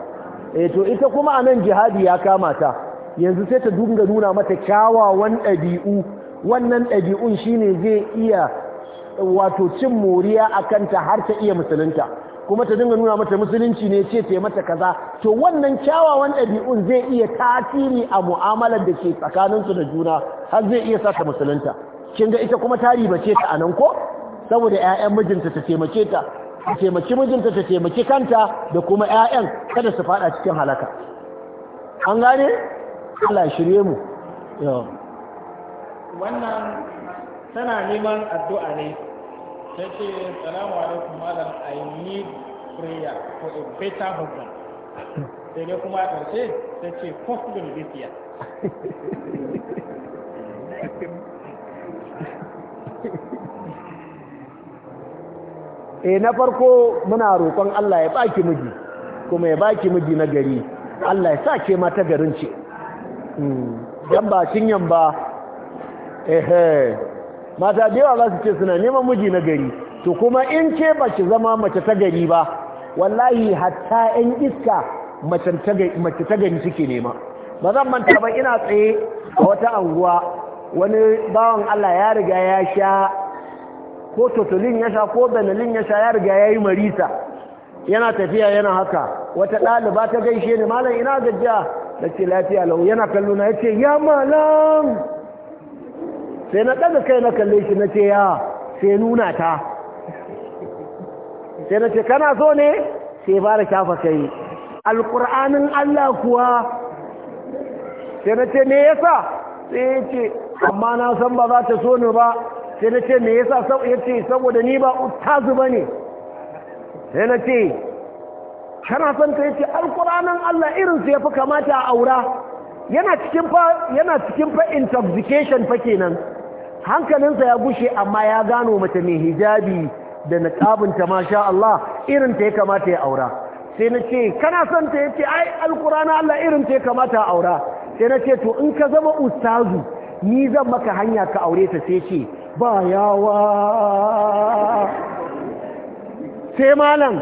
S1: eh to ita kuma anan jihadi ya kama ta yanzu sai ta dunga nuna mata kyawawan ɗabi'u wannan ɗabi'un shine zai iya wato cin moriya a kanta har ta iya musulunta kuma ta dinga nuna mata musulunci ne ce ta mata kaza to wannan kyawawan ɗabi'un zai iya tasiri a mu'amalar da ke tsakaninsu da juna har zai iya sa ta musulunta kin ga ita kuma ta ribace ta anan ko saboda ƴaƴan mijinta ta taimake ta ta taimaki mijinta ta taimaki kanta da kuma ƴaƴan kada su fada cikin halaka an gane Allah shirye mu
S2: wannan tana neman addu'a ne ta ce salamu alaikum malam i need prayer for a better husband *laughs* sai dai kuma a ƙarshe ta ce possible this year
S1: eh na farko muna roƙon Allah ya baki miji kuma ya baki miji na gari Allah ya sa ke mata garin ce hmm, dan ba cinyan ba ehe mata da yawa za su ce suna neman miji na gari to kuma in ce ba zama mace ta gari ba wallahi hatta 'yan iska mace ta gari suke nema ba zan manta ba ina tsaye a wata anguwa wani bawan Allah ya riga ya sha ko totolin ya sha ko benelin ya sha ya riga ya yi marisa yana tafiya yana haka wata ɗaliba ta gaishe ne malam ina gajiya da ce lafiya lau yana kalluna ya ce ya malam sai na ɗaga kai na kalle shi na ce ya sai nuna ta sai na ce kana so ne sai fara shafa kai alƙur'anin Allah kuwa sai na ce me yasa sai ya ce amma na san ba za ta so ni ba sai na ce me yasa ya ce saboda ni ba ta ba ne sai na ce kana son ta ce alƙur'anin Allah irin su fi kamata a aura yana cikin fa yana cikin fa intoxication fa kenan hankalinsa ya gushe amma ya gano mace mai hijabi da niqabinta masha Allah irin ta ya kamata ya aura sai na ce kana son ta yace ai alkurana Allah irin ta ya kamata aura sai na ce to in ka zama ustazu ni zan maka hanya ka aure ta sai ce ba yawa sai malam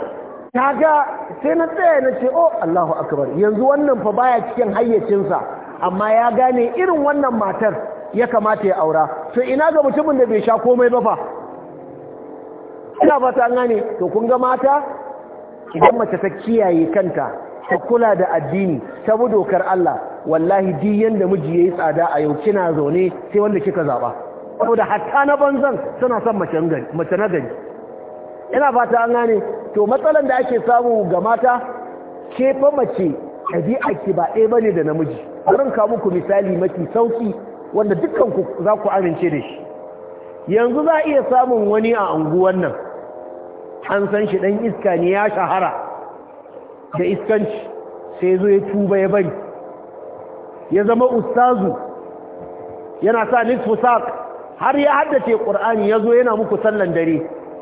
S1: ta ga sai na tsaya na ce oh Allahu akbar yanzu wannan fa baya cikin hayyacinsa amma ya gane irin wannan matar ya kamata ya aura to ina ga mutumin da bai sha komai ba fa ina fata an gane to kun ga mata idan mace ta kiyaye kanta ta kula da addini ta bi dokar Allah wallahi di yanda miji yayi tsada a yau kina zaune sai wanda kika zaba saboda hatta na banzan suna son mace na gani. ina fata an gane to matsalan da ake samu ga mata ke fa mace ɗabi'a ki ba ɗaya bane da namiji wurin kawo muku misali mafi sauki wanda dukkan ku za ku amince da shi yanzu za iya samun wani a anguwan nan an san shi dan iska ne ya shahara da iskanci sai zo ya tuba ya bari ya zama ustazu yana sa nisfu saq har ya haddace qur'ani yazo yana muku sallan dare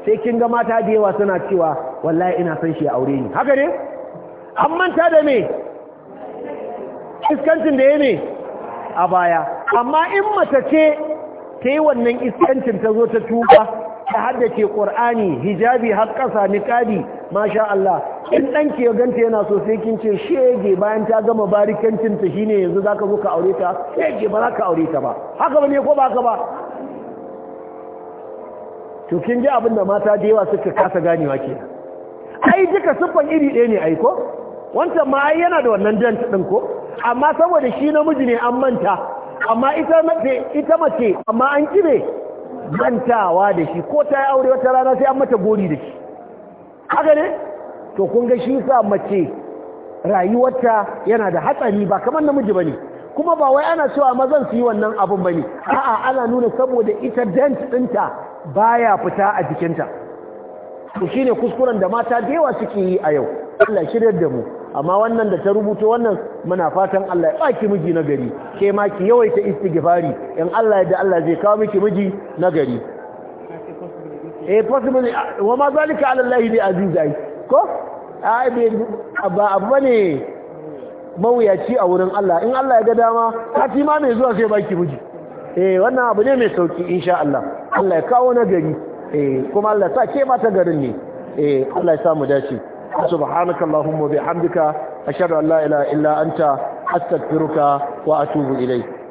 S1: sai kin ga mata da yawa suna cewa wallahi ina san shi aure ni haka ne an manta da me iskancin da ya ne a baya amma in mace ce ta yi wannan iskancin ta zo ta tuba ta haddace ƙur'ani hijabi har ƙasa niƙadi masha Allah in ɗan ke ganta yana so sai kin ce shege bayan ta gama barikancin ta shine yanzu za ka zo ka aure ta shege ba za ka aure ta ba haka ba ne ko ba ka ba to kin ji abin da mata da yawa suka kasa ganewa ke ai duka siffan iri ɗaya ne aiko wancan ma ai yana da wannan jan ɗin ko amma saboda shi namiji ne an manta amma ita mace ita mace amma an kire mantawa da shi ko ta yi aure wata rana sai an mata gori da shi haka ne to kun ga shi sa mace rayuwarta yana da hatsari ba kamar namiji bane kuma ba wai ana cewa mazan su yi wannan abun bane a'a ana nuna saboda ita dent ɗinta baya fita a jikinta to shine kuskuren da mata da yawa suke yi a yau Allah shiryar da mu amma wannan da ta rubuto wannan muna fatan Allah ya baki miji na gari ke ma ki yawaita istighfari in Allah ya da Allah zai kawo miki miji na gari eh possible wa ma zalika ala Allah bi azizai ko ai abba abba ne mawuyaci a wurin Allah in Allah ya ga dama kati ma mai zuwa sai baki miji eh wannan abu ne mai sauki insha Allah Allah ya kawo na gari eh kuma Allah sa ke mata garin ne eh Allah ya sa mu dace subhanakallahumma bihamdika ashhadu an la ilaha illa anta astaghfiruka wa atubu ilayk